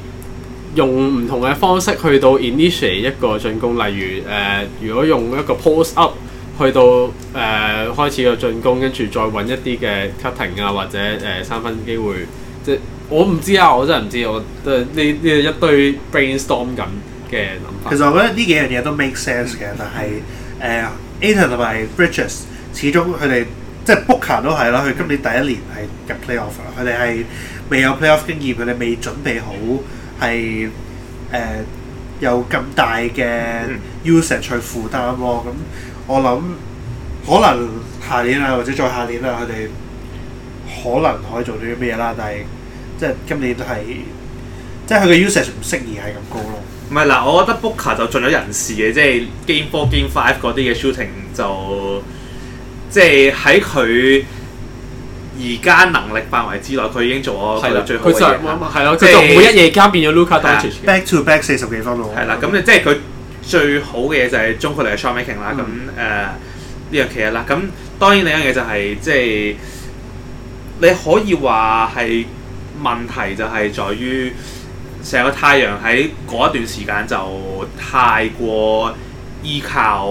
用唔同嘅方式去到 initiate 一個進攻，例如誒、呃，如果用一個 post up 去到誒、呃、開始個進攻，跟住再揾一啲嘅 cutting 啊，或者誒、呃、三分機會，即係我唔知啊，我真係唔知，我都呢呢一堆 brainstorm 緊嘅諗法。其實我覺得呢幾樣嘢都 make sense 嘅，嗯、但係誒、呃、Ayton 同埋 Bridges 始終佢哋。即係 Booker 都係啦，佢今年第一年係入 Playoff，佢哋係未有 Playoff 經驗，佢哋未準備好，係誒、呃、有咁大嘅 usage 去負擔咯。咁我諗可能下年啊，或者再下年啦，佢哋可能可以做啲咩啦。但係即係今年都係，即係佢嘅 usage 唔適宜係咁高咯。唔係嗱，我覺得 Booker 就盡咗人事嘅，即係 Game Four、Game Five 嗰啲嘅 shooting 就。即係喺佢而家能力範圍之內，佢已經做咗佢最好嘅嘢。佢就係，係咯，即係每一夜間變咗 Luka Doncic，back to back 四十幾分咯。係啦，咁即係佢最好嘅嘢就係中距離嘅 shotmaking 啦。咁誒呢樣嘢啦，咁當然另一嘢就係即係你可以話係問題就係在於成個太陽喺嗰一段時間就太過依靠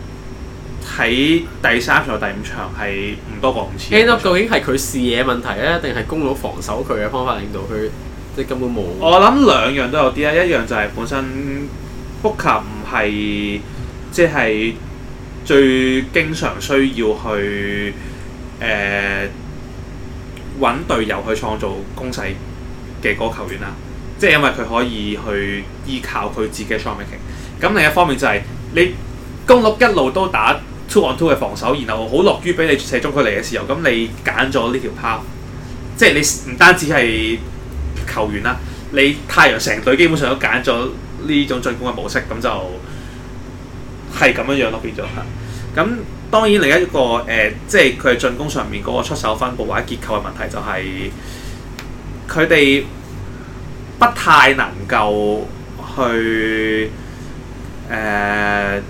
喺第三場、第五場係唔多過五次。End up 究竟係佢視野問題咧，定係公鹿防守佢嘅方法令到佢即係根本冇？我諗兩樣都有啲啊，一樣就係本身 Booker 唔係即係最經常需要去誒揾隊友去創造攻勢嘅嗰個球員啦。即、就、係、是、因為佢可以去依靠佢自己嘅創命期。咁另一方面就係、是、你公鹿一路都打。Two-on-two 嘅 two 防守，然後好樂於俾你射中距離嘅時候，咁你揀咗呢條拋，即係你唔單止係球員啦，你太陽成隊基本上都揀咗呢種進攻嘅模式，咁就係咁樣樣咯變咗。咁當然另一個誒、呃，即係佢嘅進攻上面嗰個出手分布或者結構嘅問題、就係，就係佢哋不太能夠去誒。呃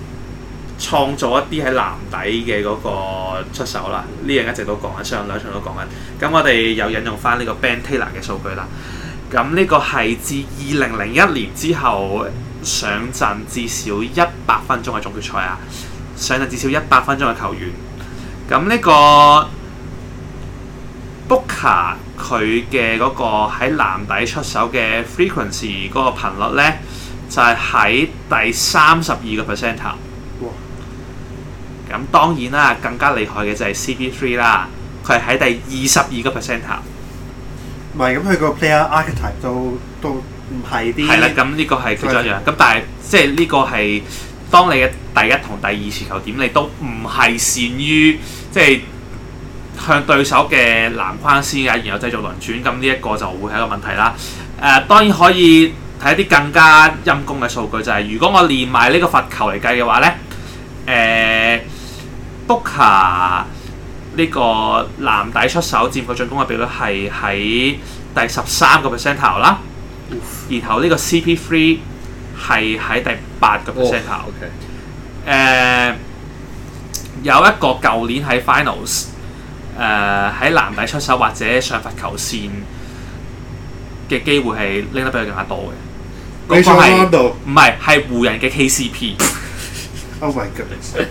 創造一啲喺籃底嘅嗰個出手啦，呢樣一直都講緊，上兩場都講緊。咁我哋又引用翻呢個 Ben Taylor 嘅數據啦。咁呢個係自二零零一年之後上陣至少一百分鐘嘅總決賽啊，上陣至少一百分鐘嘅球員。咁呢個 Booker 佢嘅嗰個喺籃底出手嘅 frequency 嗰個頻率呢，就係喺第三十二個 percentile。咁、嗯、當然啦，更加厲害嘅就係 CP3 啦，佢係喺第二十二個 percent 頭。唔係，咁佢個 player archetype 都都唔係啲。係啦，咁呢個係咁樣樣。咁但係即係呢個係當你嘅第一同第二持球點，你都唔係善於即係向對手嘅籃框先嘅，然後製造輪轉。咁呢一個就會係一個問題啦。誒、呃，當然可以睇一啲更加陰功嘅數據，就係、是、如果我連埋呢個罰球嚟計嘅話咧，誒、呃。Luka 呢個籃底出手佔佢進攻嘅比率係喺第十三個 percentile 啦，呃、然後呢個 CP3 係喺第八個 percentile。誒、哦 okay. uh, 有一個舊年喺 finals 誒、uh, 喺籃底出手或者上罰球線嘅機會係拎得比佢更加多嘅。嗰個係唔係係湖人嘅 KCP？Oh my goodness！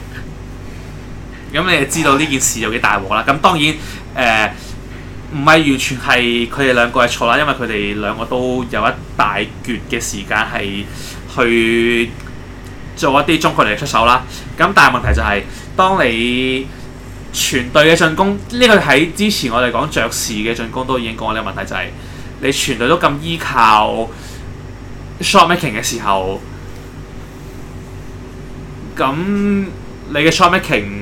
咁、嗯、你就知道呢件事有幾大鑊啦。咁、嗯、當然誒，唔、呃、係完全係佢哋兩個係錯啦，因為佢哋兩個都有一大橛嘅時間係去做一啲中國嚟出手啦。咁、嗯、但係問題就係、是，當你全隊嘅進攻呢、這個喺之前我哋講爵士嘅進攻都已經講咗呢個問題，就係、是、你全隊都咁依靠 shotmaking 嘅時候，咁、嗯、你嘅 shotmaking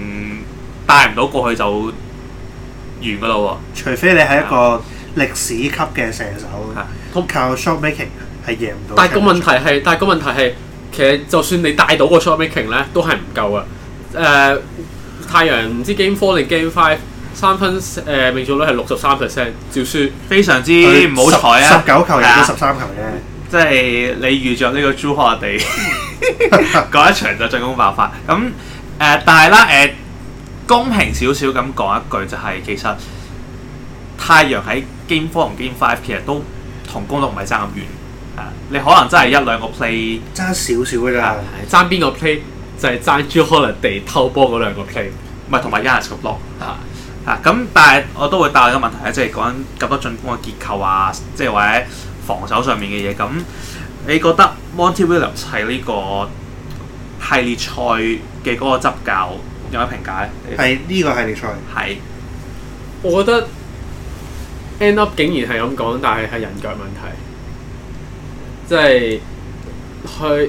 帶唔到過去就完噶啦喎！除非你係一個歷史級嘅射手，的靠 shot making 係贏唔到。但係個問題係，但係個問題係，其實就算你帶到個 shot making 咧，都係唔夠啊。誒、呃，太陽唔知 game four 定 game five 三分誒、呃、命中率係六十三 percent，照輸非常之唔好彩啊！十九球入到十三球啫、啊啊，即係你遇着呢個朱賀地嗰 一場就進攻爆發咁誒、呃，但係啦誒。呃呃公平少少咁講一句，就係、是、其實太陽喺 Game Four 同 Game Five 其實都同公鹿唔係爭咁遠啊！你可能真係一兩個 play 爭少少㗎啫，爭邊個 play 就係爭 Jrue Holiday 偷波嗰兩個 play，唔係同埋 Giannis 個 block 咁的但係我都會帶個問題咧，即係講緊咁多進攻嘅結構啊，即、就、係、是、或者防守上面嘅嘢。咁你覺得 Monty Williams 係呢個系列賽嘅嗰個執教？有得評價，咧，係、這、呢個系列賽。係，我覺得 end up 竟然係咁講，但係係人腳問題，即係佢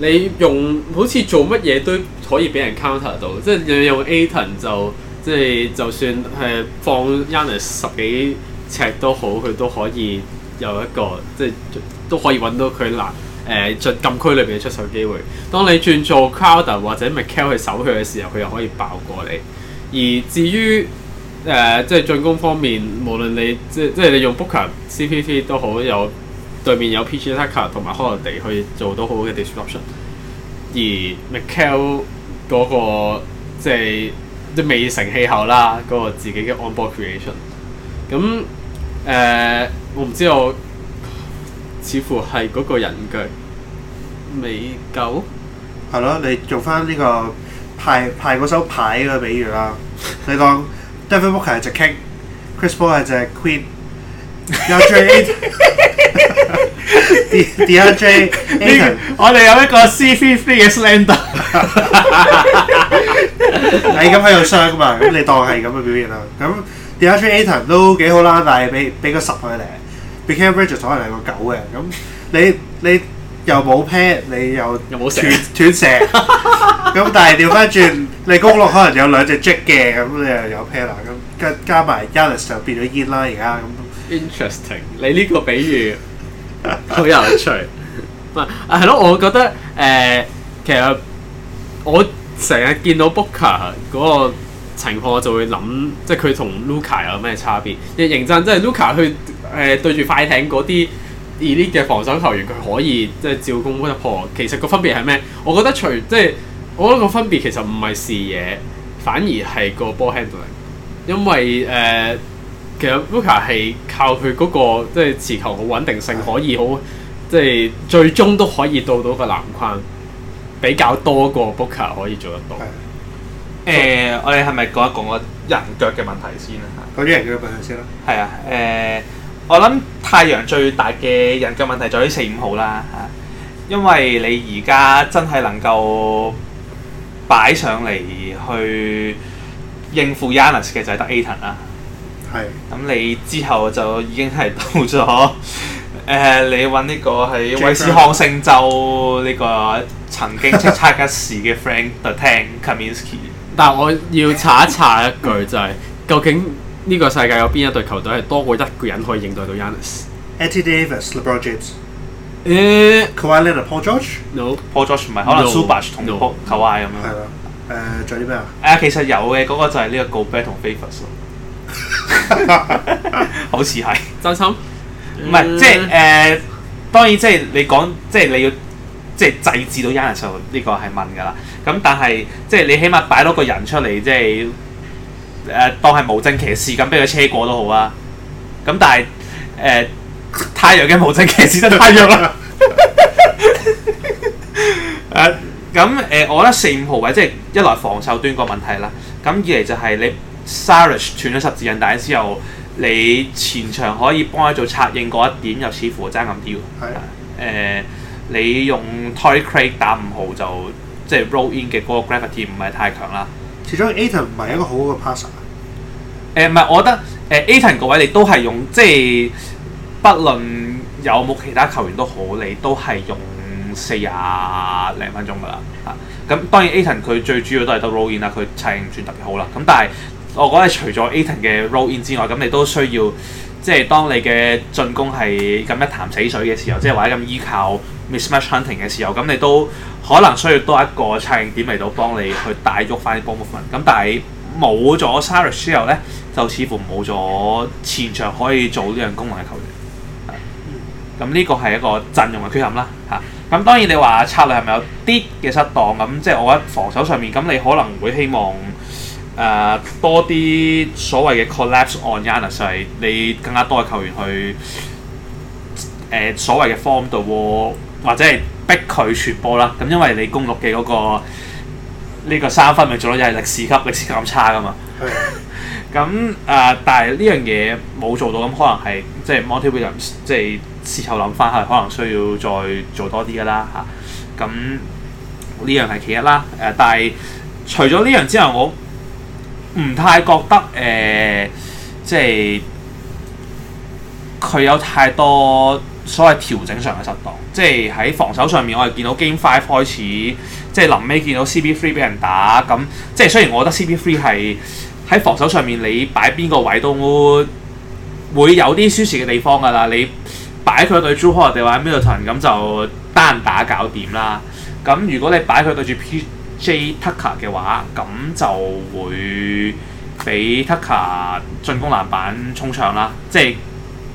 你用好似做乜嘢都可以俾人 counter 到，即、就、係、是、你用、e、Ayton 就即係就，就算係放 Giannis 十幾尺都好，佢都可以有一個即係、就是、都可以揾到佢難。誒、呃、進禁區裏邊出手機會，當你轉做 Crowder 或者 McKell 去守佢嘅時候，佢又可以爆過你。而至於誒即係進攻方面，無論你即即係、就是、你用 Booker、CP3 都好，有對面有 P.J. Tucker 同埋 Holiday 可以做到好好嘅 distribution 而 McKell 嗰、那個即係即未成氣候啦，嗰、那個自己嘅 onboard creation。咁誒、呃，我唔知道我。似乎係嗰個人嘅未夠係咯，你做翻呢個排排嗰手牌嘅比喻啦。你當 Devin Booker 係隻 King，Chris Paul 係隻 Queen，DJ，哈哈哈哈哈，DJ，我哋有一個 C33 嘅 Slender，你咁喺度傷噶嘛？咁你當係咁嘅表現啦。咁 DA Ayton 都幾好啦，但係比比個十佢嚟。Become Reggie 可能係個狗嘅，咁你你又冇 pair，你又又冇石，有有斷斷射石。咁 但係調翻轉，你公鹿可能有兩隻 Jack 嘅，咁你又有 pair 啦。咁加加埋 Giannis 就變咗煙啦。而家咁。Interesting，你呢個比喻好 有趣。唔係係咯，我覺得誒、呃，其實我成日見到 Booker 嗰個情況，就會諗，即係佢同 Luca 有咩差別？認真即係 Luca 去。誒對住快艇嗰啲 elite 嘅防守球員，佢可以即係照攻一破。其實個分別係咩？我覺得除即係我覺得個分別其實唔係視野，反而係個 ball handling。因為誒，其實 Booker 係靠佢嗰個即係持球好穩定性，可以好即係最終都可以到到個籃框比較多過 Booker 可以做得到。誒，我哋係咪講一講個人腳嘅問題先啦？啲人腳嘅問題先啦。係啊，誒。我諗太陽最大嘅人嘅問題就喺四五號啦嚇、啊，因為你而家真係能夠擺上嚟去應付 Giannis 嘅就係、是、得 Ayton 啦。係是。咁、嗯、你之後就已經係到咗誒、啊，你揾呢個喺威斯康星州呢個曾經叱咤一時嘅 Frank the Tank Kaminsky 但係我要查一查一，查一句就係、是、 究竟。呢個世界有邊一隊球隊係多過一個人可以應對到 Giannis Anthony Davis、LeBron James 誒 Kawhi Leonard、Paul George？No，Paul George 唔係，可能 Zubac 同 Kawhi 咁樣。係啦。誒、uh，仲有啲咩啊？啊，其實有嘅，嗰、那個就係呢個 Gobert 同 Favors 咯。 好似係是。真心？唔係，即係誒，uh, 當然即係你講，即係你要即係制止到 Giannis 呢個係問噶啦。咁但係即係你起碼擺多個人出嚟，即係。誒、啊、當係無證騎士咁俾佢車過都好啊！咁但係誒、呃、太陽嘅無證騎士真係太陽啦！誒咁誒，我覺得四五號位即係一來防守端個問題啦，咁二嚟就係你 Saric 斷咗十字韌帶之後，你前場可以幫佢做策應嗰一點又似乎爭咁啲喎。你用 Torrey Craig 打五號就即係、就是、Roll In 嘅嗰個 Gravity 唔係太強啦。始終 Ayton 唔係一個好好嘅 passer、呃。唔係，我覺得誒 Ayton 個位你都係用，即係不論有冇其他球員都好，你都係用四廿零分鐘㗎啦。咁當然 Ayton 佢最主要都係得 roll in 啦，佢砌唔算特別好啦。咁但係我覺得除咗 Ayton 嘅 roll in 之外，咁你都需要即係當你嘅進攻係咁一潭死水嘅時候，即係或者咁依靠。Mismatch hunting 嘅時候，咁你都可能需要多一個策應點嚟到幫你去帶喐翻啲 ball movement。咁但係冇咗 Saric 之後咧，就似乎冇咗前場可以做呢樣功能嘅球員。咁、啊、呢個係一個陣容嘅缺陷啦，嚇、啊。咁當然你話策略係咪有啲嘅失當？咁即係我覺得防守上面，咁你可能會希望誒、呃、多啲所謂嘅 collapse on Giannis 你更加多嘅球員去誒、呃、所謂嘅 form the wall 或者係逼佢傳波啦，咁因為你公鹿嘅嗰個呢、呢個三分咪做到又係歷史級嘅時間差噶嘛。咁 啊、呃，但係呢樣嘢冇做到，咁可能係即係 Monty 即係事後諗翻係可能需要再做多啲噶啦嚇。咁呢樣係其一啦。誒、啊呃，但係除咗呢樣之外，我唔太覺得誒，即係佢有太多。所謂調整上嘅失當，即係喺防守上面，我哋見到 Game Five 開始，即係臨尾見到 CP Three 俾人打，咁即係雖然我覺得 CP Three 係喺防守上面，你擺邊個位都會有啲輸蝕嘅地方㗎啦。你擺佢對 Jrue Holiday 或者 Middleton，咁就單打搞掂啦。咁如果你擺佢對住 PJ Tucker 嘅話，咁就會俾 Tucker 進攻籃板沖上啦，即係。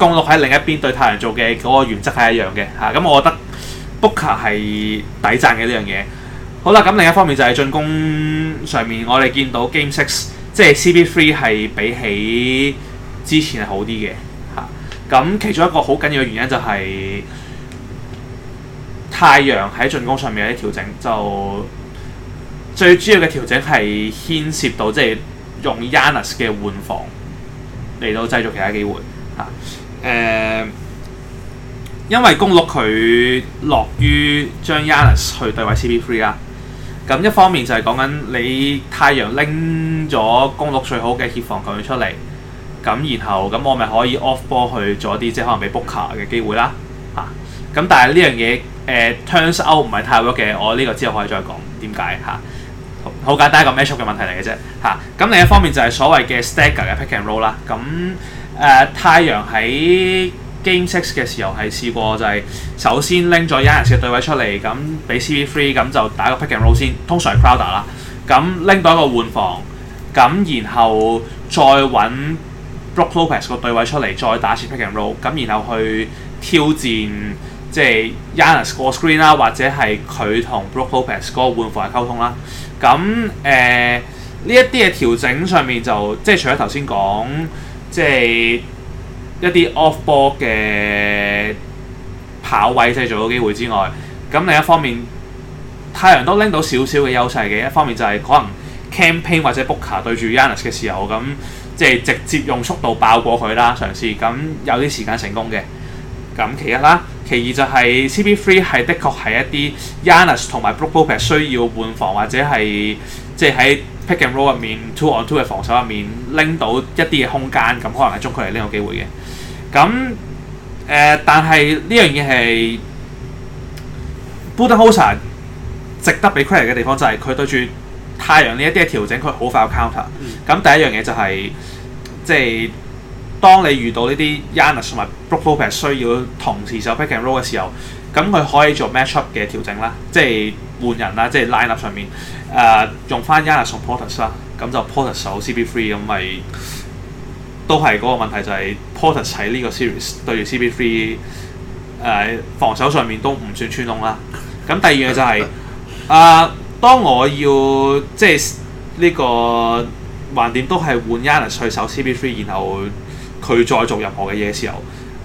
公鹿喺另一邊對太陽做嘅嗰個原則係一樣嘅嚇，咁、啊、我覺得 Booker 係抵讚嘅呢樣嘢。好啦，咁另一方面就係進攻上面，我哋見到 game six 即係 CP3 係比起之前係好啲嘅嚇。咁、啊、其中一個好緊要嘅原因就係太陽喺進攻上面有啲調整，就最主要嘅調整係牽涉到即係、就是、用 Giannis 嘅換防嚟到製造其他機會嚇。啊誒、呃，因為公鹿佢樂於將 Giannis 去對位 CP3 啦，咁一方面就係講緊你太陽拎咗公鹿最好嘅協防球員出嚟，咁然後咁我咪可以 off 波去做一啲即係可能畀 Booker 卡嘅機會啦，嚇、啊，咁但係呢樣嘢誒 turns out 唔係太 work 嘅，我呢個之後可以再講點解嚇，好、啊、簡單一個 matchup 嘅問題嚟嘅啫，嚇、啊，咁另一方面就係所謂嘅 stagger 嘅 pick and roll 啦、啊，咁、啊。誒、呃、太陽喺 Game Six 嘅時候係試過就係首先拎咗 Giannis 嘅對位出嚟，咁俾 CP3 咁就打個 Pick and Roll 先，通常係 Crowder 啦。咁拎到一個換防，咁然後再揾 Brook Lopez 個對位出嚟，再打次 Pick and Roll，咁然後去挑戰即係、就是、Giannis 嘅 Screen 啦，或者係佢同 Brook Lopez 嗰個換防嘅溝通啦。咁誒呢一啲嘅調整上面就即係除咗頭先講。即係一啲 off ball 嘅跑位製造到機會之外，咁另一方面，太陽都拎到少少嘅優勢嘅。一方面就係可能 campaign 或者 Booker 對住 Giannis 嘅時候，咁即係直接用速度爆過佢啦，嘗試。咁有啲時間成功嘅。咁其一啦，其二就係 CP3 係的確係一啲 Giannis 同埋 Booker 需要換防或者係即係喺。就是 pick and roll 入面 two on two 嘅防守入面拎到一啲嘅空間，咁可能係中距離拎到機會嘅。咁誒、呃，但係呢樣嘢係 Budenholzer 值得俾 credit 嘅地方就係、是、佢對住太陽呢一啲嘅調整，佢好快有 counter 咁第一樣嘢就係、是、即係當你遇到呢啲 Giannis 同埋 Brook、ok、Lopez 需要同時做 pick and roll 嘅時候。咁佢可以做 match up 嘅調整啦，即係換人啦，即係 line up 上面，誒、呃、用翻 Giannis 同 Portis 啦，咁就 Portis 守 CP3 咁咪都係嗰個問題就係 Portis 喺呢個 series 對住 CP3 誒、呃、防守上面都唔算穿窿啦。咁第二樣就係、是、誒、呃，當我要即係呢、這個橫掂都係換 Giannis 去守 CP3，然後佢再做任何嘅嘢時候。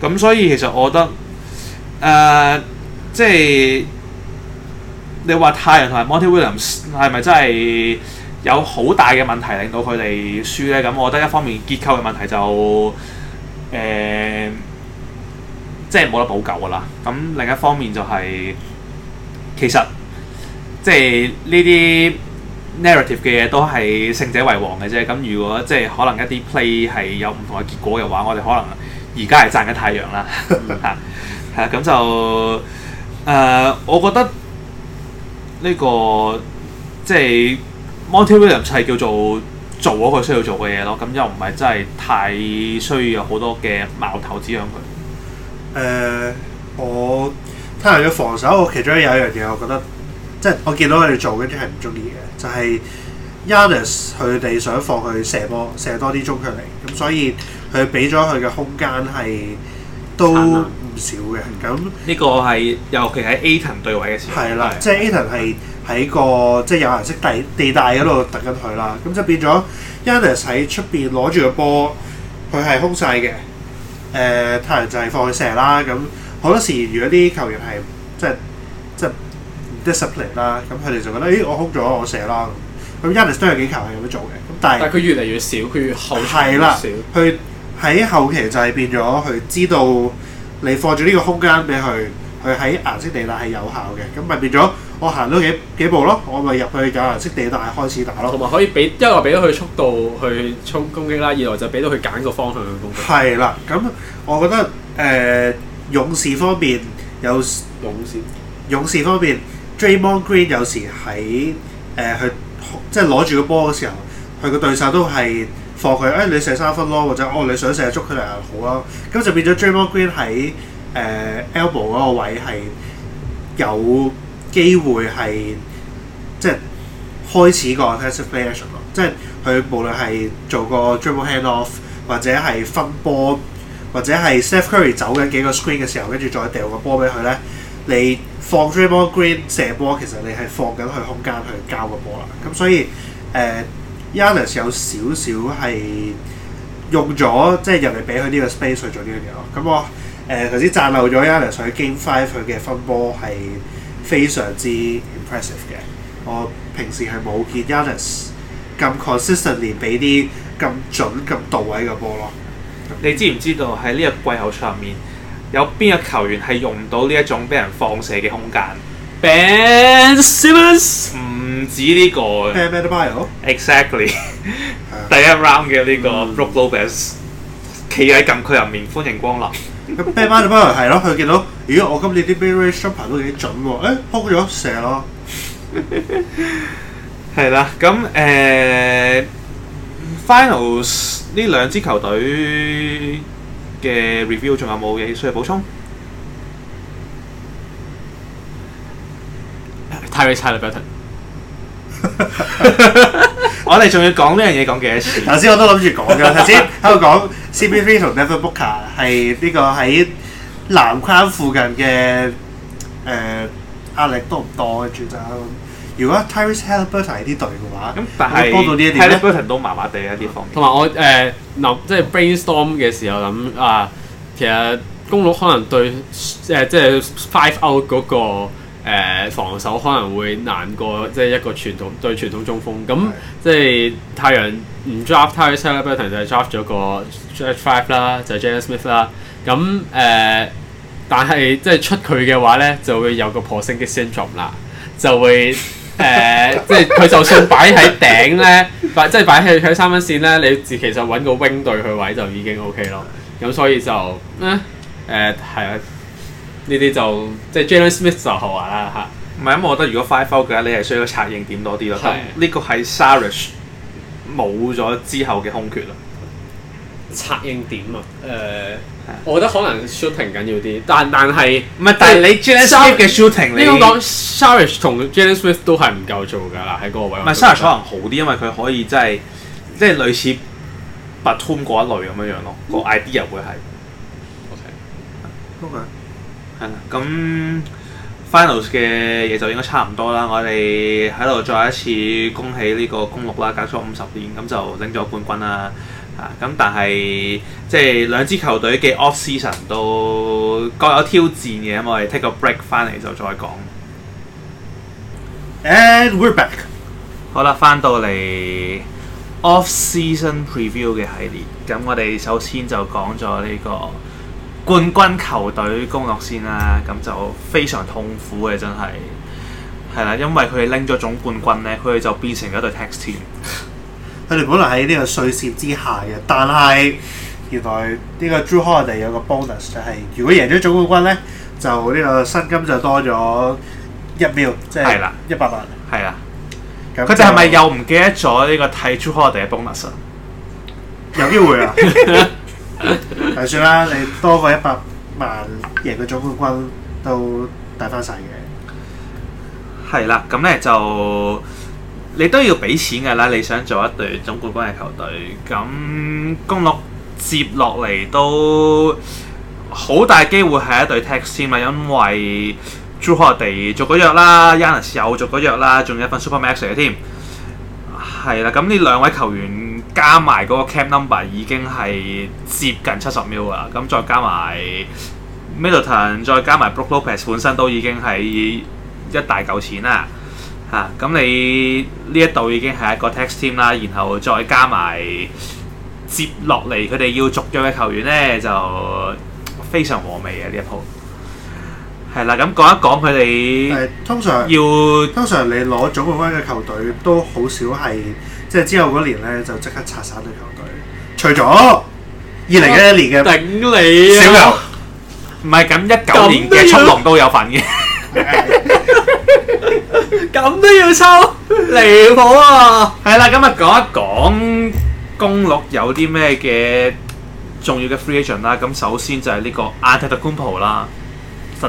咁所以其實我覺得，誒、呃，即、就、係、是、你話太陽同埋 Monty Williams 係咪真係有好大嘅問題令到佢哋輸咧？咁我覺得一方面結構嘅問題就誒，即係冇得補救噶啦。咁另一方面就係、是、其實即係、就、呢、是、啲 narrative 嘅嘢都係勝者為王嘅啫。咁如果即係、就是、可能一啲 play 係有唔同嘅結果嘅話，我哋可能。而家係讚緊太陽啦嚇，係啦咁就誒、呃，我覺得呢、這個即係、就是、Monty Williams 係叫做做嗰個需要做嘅嘢咯，咁又唔係真係太需要有好多嘅矛頭指向佢。誒、呃，我太陽嘅防守，我其中有一樣嘢，我覺得即係我見到佢哋做，嗰啲係唔中意嘅，就係 Giannis 佢哋想放佢射波，射多啲中距離，咁所以。佢俾咗佢嘅空間係都唔少嘅，咁呢個係尤其喺 Ayton 對位嘅時係啦，即係 Ayton 係喺個即係、就是、有顏色地地帶嗰度突緊佢啦，咁就變咗 Giannis 喺出邊攞住個波，佢係空晒嘅。誒，太陽、呃、就係放佢射啦。咁好多時如果啲球員係即係即係唔 discipline 啦，咁佢哋就覺得咦、哎，我空咗我射啦。咁 Giannis 都有幾球係咁做嘅，咁但係但係佢越嚟越少，佢越後係啦，少去。喺後期就係變咗佢知道你放住呢個空間俾佢，佢喺顏色地帶係有效嘅，咁咪變咗我行到幾幾步咯，我咪入去架顏色地帶開始打咯，咁咪可以俾一來俾到佢速度去衝攻擊啦，二來就俾到佢揀個方向去攻擊。係啦，咁我覺得誒，勇士方面有勇士，勇士方面 Draymond Green 有時喺誒，佢即係攞住個波嘅時候，佢個對手都係。放佢，誒、哎、你射三分咯，或者哦你想射捉佢嚟又好啦，咁就變咗 Draymond Green 喺誒 Elbow 嗰個位係有機會係即係開始個 transition 咯，即係佢無論係做個 Draymond handoff 或者係分波或者係 Steph Curry 走緊幾個 screen 嘅時候，跟住再掉個波俾佢咧，你放 Draymond Green 射波，其實你係放緊佢空間去交個波啦，咁所以誒。呃 Giannis 有少少係用咗，即、就、係、是、人哋俾佢呢個 space 去做呢樣嘢咯。咁我誒頭先讚漏咗 Giannis 喺 Game Five 佢嘅分波係非常之 impressive 嘅。我平時係冇見 Giannis 咁 consistently 俾啲咁準咁到位嘅波咯。你知唔知道喺呢個季後賽入面，有邊個球員係用到呢一種俾人放射嘅空間？Ben Simmons! 唔止呢個，Exactly，第一 round 嘅呢個 Brook Lopez，企喺禁區入面歡迎光臨。咁 Ben，你不如係咯，佢見到，咦？我今次啲 very jumper 都幾準喎，誒，撲咗射咯。係啦，咁誒 Finals 呢兩支球隊嘅 review 仲有冇嘢需要補充？太衰啦，佢哋。 我哋仲要講呢樣嘢，講幾多次？頭先 我都諗住講嘅，頭先喺度講 CP3 同 Devin Booker 係呢個喺籃框附近嘅誒壓力多唔多？咁如果 Tyrese Haliburton 係呢隊嘅話，咁但係 Haliburton 都麻麻地一啲方面同埋我誒、呃、即係 brainstorm 嘅時候諗啊，其實公鹿可能對誒、呃、即係 five out、嗰個。誒、呃、防守可能會難過，即係一個傳統對傳統中鋒咁是的、啊，即係太陽唔 draft 太陽 celebrating draft 咗個 draft five 啦，就係 Jalen Smith 啦。咁誒，但係即係出佢嘅話咧，就會有個破升級 center 啦，就會誒、呃， 即係佢就算擺喺頂咧，即係擺喺喺三分線咧，你其實揾個 wing 對佢位就已經 OK 咯。咁是的 所以就誒係、呃、啊。啊呢啲就即係 Jalen Smith 就好玩啦嚇，唔係因為我覺得如果 five out 嘅話，你係需要策應點多啲咯。係，呢個係 Sarish 冇咗之後嘅空缺啦。策應點啊？誒，我覺得可能 shooting 緊要啲，但但係唔係但係你 Jalen Smith 嘅 shooting，呢種講 Sarish 同 Jalen Smith 都係唔夠做㗎啦喺嗰個位。唔係 Sarish 可能好啲，因為佢可以即係即係類似 Batum 嗰一類咁樣樣咯，個 idea 會係。O K。咁、嗯、finals 嘅嘢就應該差唔多啦。我哋喺度再一次恭喜呢個公鹿啦，隔咗五十年咁就拎咗冠軍啦。咁、嗯、但係即係兩支球隊嘅 off season 都各有挑戰嘅。咁我哋 take 個 break 翻嚟就再講。And we're back 好。好啦，翻到嚟 off season preview 嘅系列，咁我哋首先就講咗呢、呢個冠軍球隊攻略先啦，咁就非常痛苦嘅，真係係啦，因為佢哋拎咗總冠軍咧，佢哋就變成咗對 tax team。佢哋本來喺呢個稅線之下嘅，但係原來呢個 Jrue Holiday 有個 bonus，就係如果贏咗總冠軍咧，就呢個薪金就多咗一秒，即係一百萬。係啦，佢哋係咪又唔記得咗呢個替 Jrue Holiday 嘅 bonus？有機會啊！ 就 算啦，你多過一百萬，贏嘅總冠軍都帶翻晒嘢。係啦， 咁咧就你都要俾錢噶啦，你想做一隊總冠軍嘅球隊，咁公鹿接落嚟都好大機會係一隊 tax 先啦，因為 Jrue Holiday 續咗約啦，Giannis 又續咗約啦，仲有一份 super max 嘅添。係啦，咁呢兩位球員。加埋嗰個 cap number 已經係接近七十秒啦，咁再加埋 Middleton，再加埋 Brook Lopez 本身都已經係一大嚿錢啦，嚇！咁你呢一度已經係一個 tax team 啦，然後再加埋接落嚟佢哋要續約嘅球員咧，就非常和味嘅呢一波。係啦，咁講一講佢哋通常要，通常你攞總冠軍嘅球隊都好少係。即係之後嗰年咧，就即刻拆散對球隊。除咗二零一一年嘅頂你小牛，唔係，咁一九年嘅速龍都有份嘅，咁都要抽， 離譜啊！係 啦，今日講一講公鹿有啲咩嘅重要嘅 free agent 啦。咁首先就係呢個 Antetokounmpo 啦，The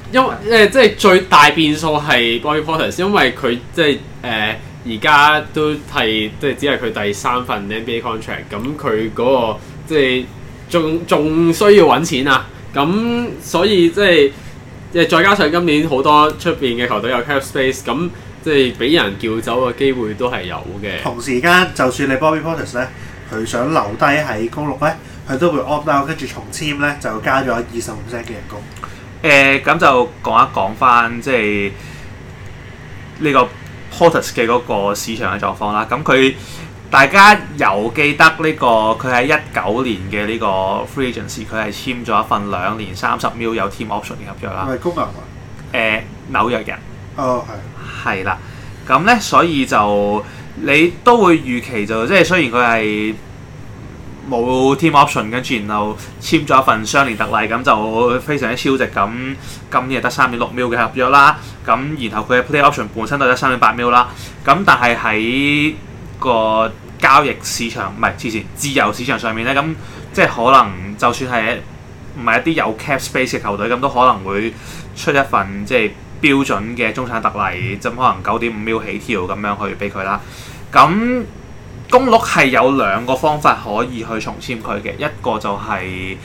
因為誒，即、呃、係最大變數係 Bobby Portis，因為佢即係誒，而、呃、家都係即係只係佢第三份 NBA contract，咁佢嗰個即係仲仲需要揾錢啊！咁所以即係誒，再加上今年好多出邊嘅球隊有 cap space，咁即係俾人叫走嘅機會都係有嘅。同時間，就算你 Bobby Portis 咧，佢想留低喺公鹿咧，佢都會 opt out，跟住重簽咧就加咗二十五%嘅人工。誒咁、呃、就講一講翻即係呢、這個 Portis 嘅嗰個市場嘅狀況啦。咁、嗯、佢大家有記得呢、這個佢喺一九年嘅呢個 free agency 佢係簽咗一份兩年三十 million 有 team option 嘅合約啦。係公牛啊？誒紐、呃、約人哦，係係、oh, is. 啦。咁咧，所以就你都會預期就即係雖然佢係。冇 team option 跟住，然後簽咗一份雙年特例，咁就非常之超值咁。今年係得三點六秒嘅合約啦，咁然後佢嘅 player option 本身都得三點八秒啦。咁但係喺個交易市場唔係，之前自由市場上面咧，咁即係可能就算係唔係一啲有 cap space 嘅球隊，咁都可能會出一份即係標準嘅中產特例，就可能九點五秒起跳咁樣去俾佢啦。咁公鹿係有兩個方法可以去重簽佢嘅，一個就係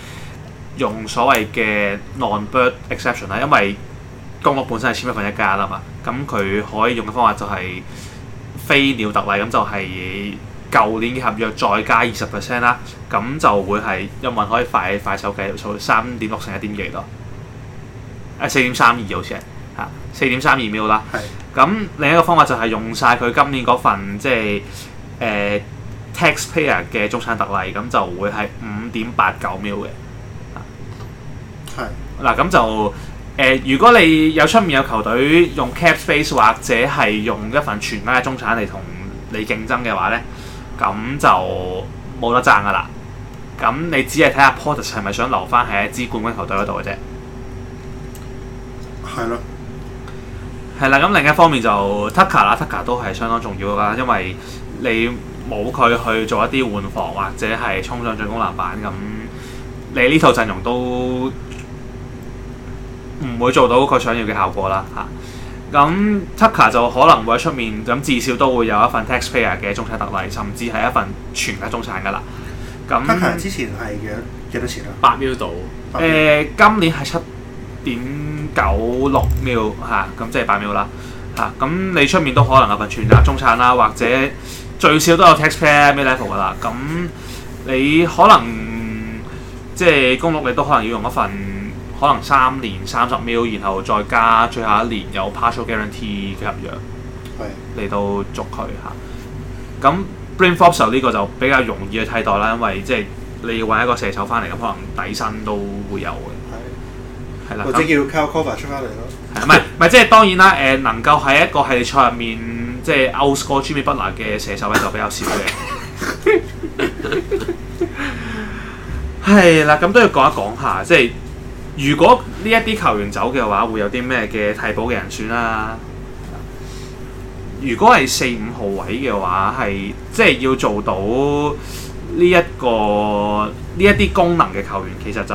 用所謂嘅 non bird exception 啦，因為公鹿本身係簽一份一加啦嘛，咁佢可以用嘅方法就係非鳥特例，咁就係舊年嘅合約再加二十 percent 啦，咁就會係一萬可以快快手計到三點六乘一點幾多，啊四點三二好似，嚇四點三二秒啦，係是，咁另一個方法就係用晒佢今年嗰份即係。就是誒、uh, taxpayer 嘅中產特例咁就會係五點八九秒嘅，係是。嗱，咁就誒、呃，如果你有出面有球隊用 cap space 或者係用一份全額嘅中產嚟同你競爭嘅話咧，咁就冇得爭噶啦。咁你只係睇下 Portis 係咪想留翻喺一支冠軍球隊嗰度嘅啫？係咯的，係啦。咁另一方面就 Tucker 啦，Tucker 都係相當重要啦，因為你冇佢去做一啲換防或者係衝上進攻籃板咁，你呢套陣容都唔會做到佢想要嘅效果啦嚇。咁、啊、Tucker 就可能會喺出面咁，至少都會有一份 taxpayer 嘅中產特例，甚至係一份全額中產噶啦。咁 Tucker 之前係幾多幾多錢啊？八秒度。誒，今年係七點九六秒嚇，咁、啊、即係八秒啦嚇。咁、啊、你出面都可能有份全額中產啦，或者～最少都有 taxpayer 咩 level 噶啦，咁你可能即係公鹿，你都可能要用一份，可能三年三十 mil，然後再加最後一年有 partial guarantee 嘅合約，嚟是到捉佢吓，咁、啊、Bryn Forbes、er、呢個就比較容易去替代啦，因為即係你要揾一個射手翻嚟咁，可能底薪都會有嘅，係啦是，的或者叫 cover 出翻嚟咯，係唔係，唔係， 即係、就是、當然啦，誒、呃、能夠喺一個系列賽入面。即係 out score Jimmy Butler 嘅射手咧就比較少嘅，係啦， 咁都要講一講一下。即係如果呢一啲球員走嘅話，會有啲咩嘅替補嘅人選啦、啊？如果係四五號位嘅話，係即係要做到呢、這、一個呢一啲功能嘅球員，其實就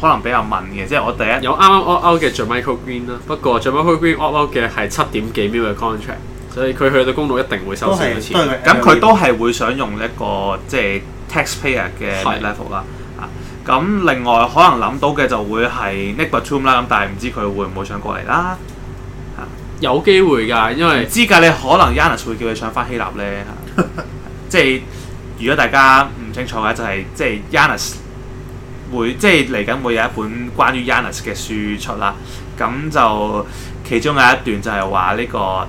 可能比較問嘅。即係我第一有啱啱 opt out 嘅就 JaMychal Green 啦，不過 JaMychal Green opt out 嘅係七點幾米嘅 contract。所以佢去到公鹿一定會收少少錢是，咁佢、嗯、都係會想用一個即係、就是、taxpayer 嘅 level 啦是，咁、啊、另外可能諗到嘅就會係 Nick Batum、um, 啦、啊，咁但係唔知佢會唔會想過嚟啦，啊、有機會㗎，因為資格你可能 Giannis 會叫佢上翻希臘咧、啊 啊，即係如果大家唔清楚嘅就係、是、即係 Giannis 會即係嚟緊會有一本關於 Giannis 嘅書出啦，咁、啊、就其中有一段就係話呢個。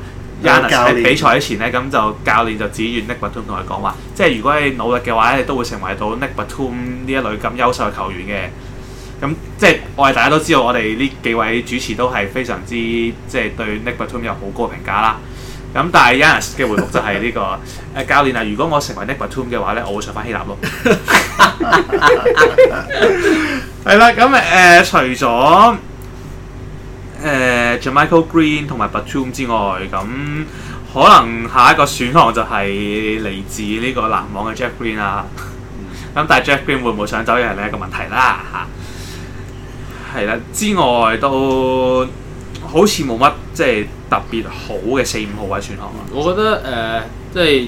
比賽之前呢，咁練就教練就指願 Nick Batum 同佢講話，即、就、係、是、如果你努力嘅話咧，你都會成為到 Nick Batum 呢一類咁優秀嘅球員嘅。咁即係我哋大家都知道，我哋呢幾位主持都係非常之即係、就是、對 Nick Batum 有好高評價啦。咁但係 Giannis 嘅回覆就係呢、這個誒 教練啊，如果我成為 Nick Batum 嘅話咧，我會上翻希臘咯。係啦，咁誒、呃，除咗。誒、uh, JaMychal Green 同埋 Batum 之外，咁可能下一個選項就係嚟自呢個籃網嘅 Jeff Green 啊。咁 但係 Jeff Green 會唔會想走又係另一個問題啦吓，係 啦，之外都好似冇乜即係特別好嘅四五號位選項咯。我覺得誒、呃，即係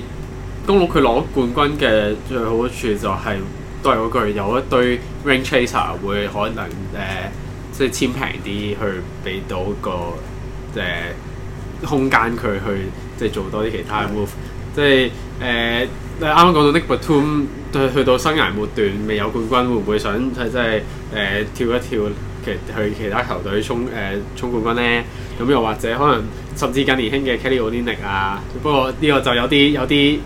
公鹿佢攞冠軍嘅最好處就係都係嗰句有一堆 ring chaser 會可能誒。呃即係簽平啲去俾到個誒、呃、空間佢去即係做多啲其他 move， 即係誒你啱啱講到 Nick Batum 去到生涯末段未有冠軍，會唔會想即係誒、呃、跳一跳其去其他球隊衝誒衝冠軍咧？咁又或者可能甚至更年輕嘅 Kelly Olynyk 啊，不過呢個就有啲有啲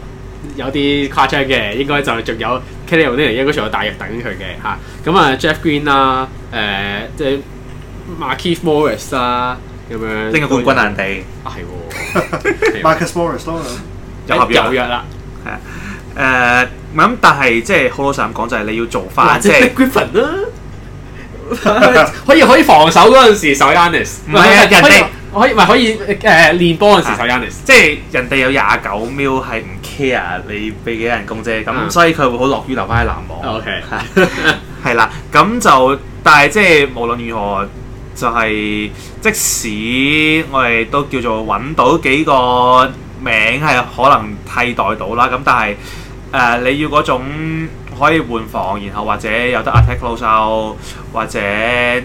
有啲誇張嘅，應該就仲有。Klay 呢人應該仲有大約等佢嘅嚇，咁啊 Jeff Green 啦，誒即係 Markieff Morris 啦，咁樣拎個冠軍啊人哋，啊係喎，Marcus Morris 有合約啦，係啊，誒咁但係即係好老實咁講就係你要做返，即係 Griffin 啦，可以可以防守嗰陣時守 Giannis，唔係人哋可以唔係可以誒練波嗰陣時守 Giannis，即係人哋有廿九秒係唔～你俾幾多人工啫？咁所以佢會好樂於留返喺籃網。OK，係啦。咁就但係即係無論如何，就係、是、即使我哋都叫做揾到幾個名係可能替代到啦。咁但係誒、呃、你要嗰種可以換防，然後或者有得 attack close out，或者誒、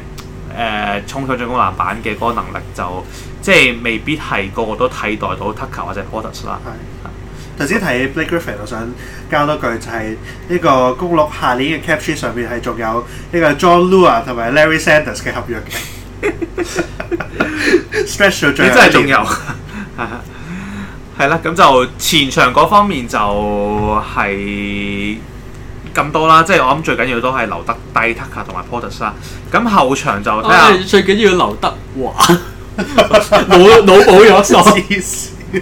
呃、衝上進攻籃板嘅嗰個能力就，就即係未必係個個都替代到 Tucker 或者 Portis 啦。係。Right. 頭先睇 Blake Griffin，我想交多句，就係、是、呢個公鹿下年嘅 captain 上邊係仲有呢個 John Lue 啊同埋 Larry Sanders 嘅合約嘅 stretch 到最，你真係仲有，係啦、 嗯。咁就前場嗰方面就係咁多、就是、啦，即係我諗最緊要都係留德、Tucker 同埋 Portis 啦。咁後場就，睇下、啊、最緊要留德華，腦腦保咗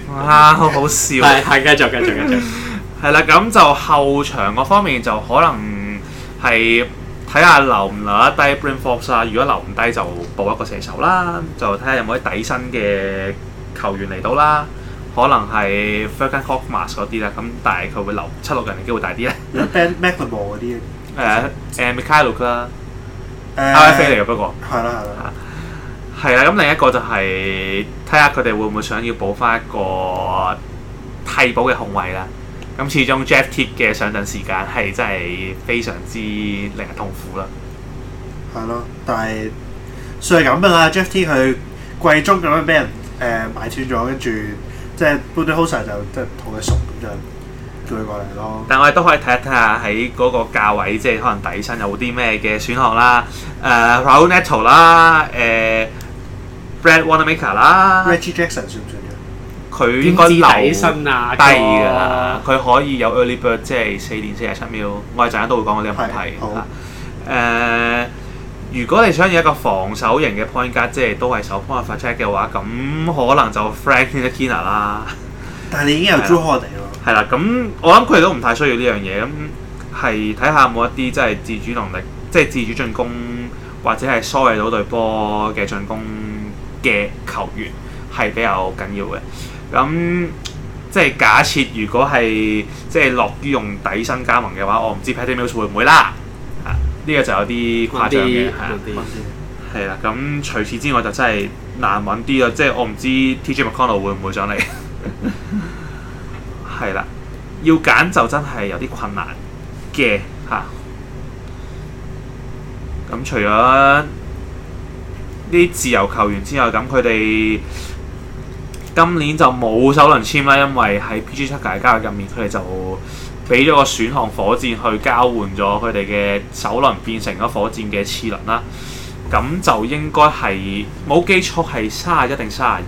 哇，好好笑！係， 繼續，繼續，繼續，係啦。 咁就後場嗰方面就可能係睇下留唔留得低 Bryn Forbes 啊。如果留唔低就補一個射手啦，就睇下有冇啲底薪嘅球員嚟到啦。可能係 Furkan Korkmaz 嗰啲啦。咁但係佢會留七六人嘅機會大啲啦。咁 Ben McLemore 嗰啲咧？誒、嗯，誒，Michael 啦，RFA 嚟嘅，不過係啦，係、嗯、啦。係啦，咁另一個就係睇下佢哋會唔會想要補翻一個替補嘅控位啦。咁、嗯、始終 Jeff Teague 嘅上陣時間係真係非常之令人痛苦啦。係咯，但係算係咁嘅啦。啊、Jeff Teague 佢季中咁、呃、樣俾人誒買斷咗，跟住即係 Budenholzer 就即係同佢熟就叫佢過嚟咯。但我哋都可以睇一睇下喺嗰個價位，即係可能底薪有啲咩嘅選項啦。誒 Raul Neto 啦，誒、呃。呃 Brad Wanamaker 啦 r e g g i Jackson 算唔算佢應該留低㗎啦，佢、啊、可以有 Early Bird，即係四年四十七秒。我哋陣間都會講嗰啲問題。好，誒、呃，如果你想要一個防守型嘅 Point g 即係都係手 p o i n t c h e 嘅話，咁可能就 Franklin s k i n n 啦。但係你已經有 j o k i 係啦，咁我諗佢哋都唔太需要呢樣嘢。咁係睇下冇一啲即係自主能力，即係自主進攻或者係 sorry 到隊波嘅進攻。嘅球員係比較緊要嘅，咁即係假設如果係即係落於用底薪加盟嘅話，我唔知 Patty Mills 會唔會啦，呢、啊這個就有啲誇張嘅嚇，係啦。咁除此之外就真係難揾啲咯，即係我唔知 TJ McConnell 會唔會上嚟，係啦、 啊，要揀就真係有啲困難嘅嚇。咁、啊、除咗啲自由球員之後，咁佢哋今年就冇首輪簽啦，因為喺 PG 七屆交易入面，佢哋就俾咗個選項火箭去交換咗佢哋嘅首輪，變成咗火箭嘅次輪啦。咁就應該係冇記錯係卅一定卅二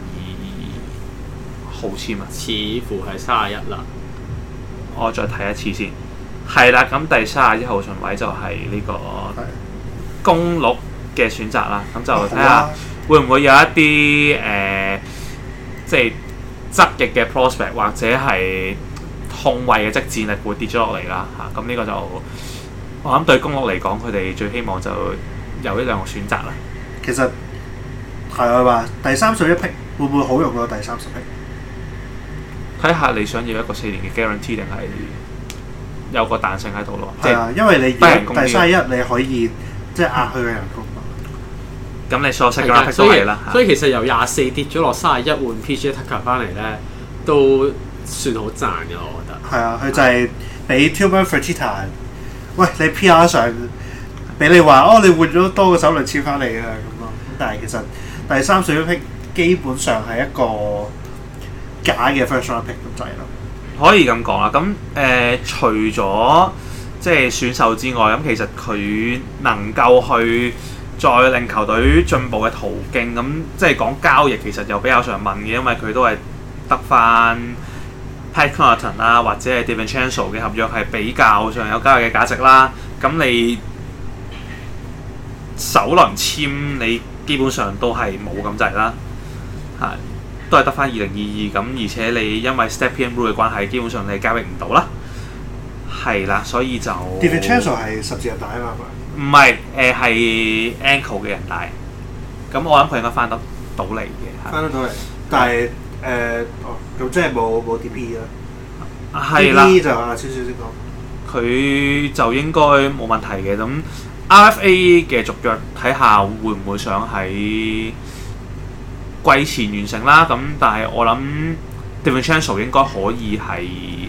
號簽啊。似乎係卅一啦。我再睇一次先。係啦，咁第卅一號順位就係呢個公鹿。嘅選擇啦，咁就睇下、哦啊、會唔會有一啲誒、呃，即係執業嘅 prospect 或者係控衞嘅即戰力會跌咗落嚟啦嚇。咁、啊、呢個就我諗對公鹿嚟講，佢哋最希望就有一兩個選擇啦。其實係話第三十一批會唔會好用過第三十批？睇下你想要一個四年嘅 guarantee 定係有個彈性喺度咯。係啊，就是、因為你人人第三一你可以即係、就是、壓佢嘅人工。嗯。咁你錯失啦，所以其實由廿四跌咗落三十一換 P.J. Tucker 翻嚟咧，都算好賺嘅，我覺得。係啊，佢就係俾 Tilman Fertitta，喂你 PR 上俾你話哦，你換咗多個首輪籤翻嚟啊咁咯。但係其實第三選 Pick 基本上係一個假嘅 first round pick 咁滯咯。可以咁講啊，咁誒除咗即係選手之外，咁其實佢能夠去。再令球隊進步嘅途徑，咁即係講交易，其實又比較常問嘅，因為佢都係得翻 Pat Connaughton 啦，或者係 DiVincenzo 嘅合約係比較上有交易嘅價值啦。咁你首輪簽你基本上都係冇咁滯啦，係都係得翻二零二二咁，而且你因為 Stepien Rule 嘅關係，基本上你交易唔到啦。係啦，所以就 DiVincenzo 係十字韌帶啊嘛。唔係，誒係 ankle 嘅人大。咁我諗佢應該翻得到嚟嘅。翻得到嚟，但係誒、嗯嗯呃，哦，咁真係冇冇 DPE 啦。係啦，的就阿超少先講，佢就應該冇問題嘅。咁 RFA 嘅續約睇下會唔會想喺季前完成啦。咁但係我諗 David Chancel 應該可以係。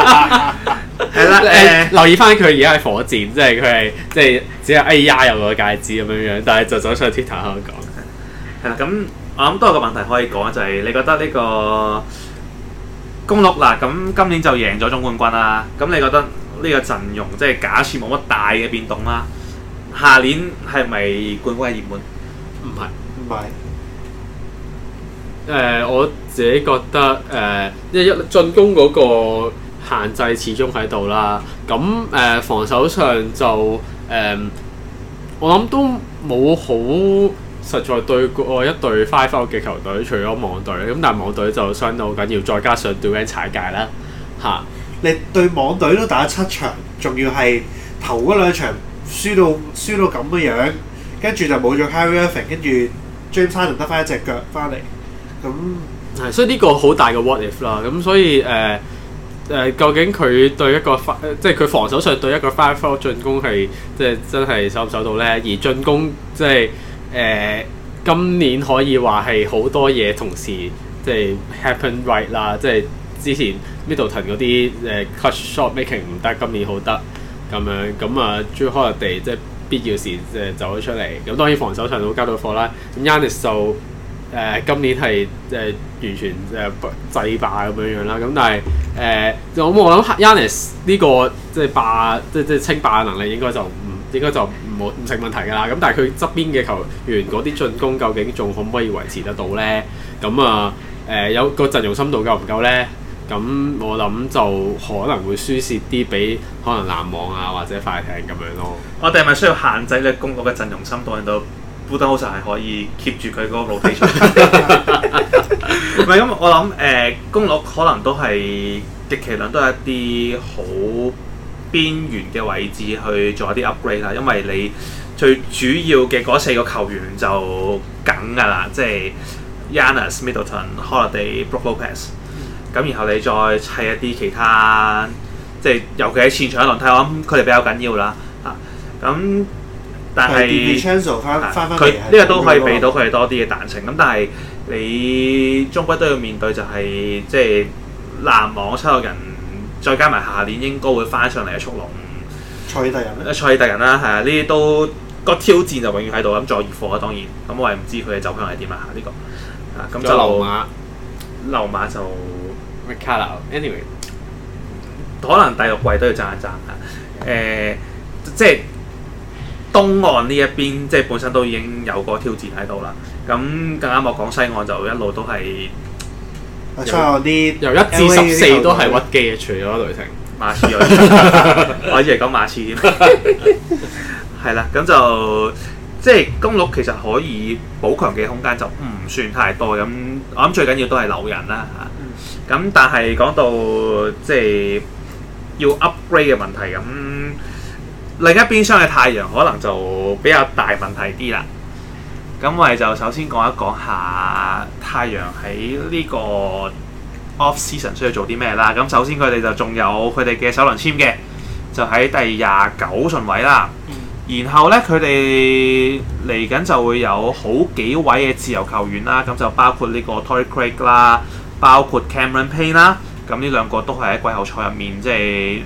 誒留意翻佢而家係火箭，即係佢係即係只有 AI 有個戒指咁樣樣，但係就走喺 Twitter 喺度講。係啦，咁我諗都有個問題可以講，就係你覺得呢個公鹿嗱，咁今年就贏咗總冠軍啦。咁你覺得呢個陣容，即係假設冇乜大嘅變動啦，下年係咪冠軍係熱門？唔係，唔係。誒我自己覺得誒，因為進攻嗰個限制始終喺度啦，咁誒、呃、防守上就誒、呃，我諗都冇好實在對過一隊 five f i v 嘅球隊，除咗網隊，咁但係網隊就相得好緊要，再加上掉翻踩界啦，嚇、啊！你對網隊都打七場，仲要係頭嗰兩場輸到輸到咁嘅樣，跟住就冇咗 carry e v e r y t i n g 跟住 James Harden 得翻一隻腳翻嚟，咁係，所以呢個好大嘅 what if 啦，咁所以誒。呃誒、呃、究竟佢對一個即係佢防守上對一個 five-four 進攻係，即係真係守唔守到呢？而進攻即係誒、呃、今年可以話係好多嘢同時即係 happen right 啦，即係之前 Middleton 嗰啲誒 clutch shot making 唔得，今年好得咁樣咁啊，Jrue Holiday 即係必要時即係走咗出嚟。咁當然防守上都交到貨啦。咁 Giannis 就。誒、呃、今年係誒、呃、完全誒不、呃、制霸咁樣樣啦，咁但係誒咁我諗 Giannis 呢個即係霸即係即係稱霸嘅能力應該就唔應該就冇唔成問題㗎啦。咁但係佢側邊嘅球員嗰啲進攻究竟仲可唔可以維持得到咧？咁啊誒有個陣容深度夠唔夠咧？咁、嗯、我諗就可能會輸蝕啲俾可能籃網啊或者快艇咁樣咯。我哋係咪需要限制你公嗰嘅陣容深度喺度？孤單好曬係可以 keep 住佢個 rotation，唔係咁我諗誒，公、呃、鹿可能都係極其量，都係一啲好邊緣嘅位置去做一啲 upgrade 啦。因為你最主要嘅嗰四個球員就梗㗎啦，即係 Giannis、Middleton、Holiday、Brook Lopez，咁然後你再砌一啲其他，即係尤其係前場嘅輪替，我諗佢哋比較緊要啦，啊咁。但係，佢呢個都可以俾到佢哋多啲嘅彈性。咁但係你終歸都要面對、就係，就係即係籃網七個人，再加埋下年應該會翻上嚟嘅速龍、賽爾特人咧。賽爾特人啦，係啊，呢啲都個挑戰就永遠喺度。咁再熱火當然，咁我係唔知佢嘅走向係點啊？呢、呢個啊咁就流馬流馬就 Recaro，anyway，可能第六季都要爭一爭啊。誒、啊，即、啊、係。就係東岸呢一邊，即係本身都已經有個挑戰喺度啦。咁更啱我講西岸就一路都係，出咗啲由一至十四都係屈機嘅，除咗雷霆、 馬刺。 我以為講馬刺添，係啦。咁就即係公鹿其實可以補強嘅空間就唔算太多。咁我諗最緊要都係留人啦嚇。咁但係講到即係要 upgrade 嘅問題咁。另一邊廂嘅太陽可能就比較大問題啲啦。咁我哋就首先講一講下太陽喺呢個 offseason 需要做啲咩啦。咁首先佢哋就仲有佢哋嘅首輪簽嘅，就喺第廿九順位啦。嗯、然後呢，佢哋嚟緊就會有好幾位嘅自由球員啦。咁就包括呢個 Torrey Craig 啦，包括 Cameron Payne 啦。咁呢兩個都係喺季後賽入面即係。就是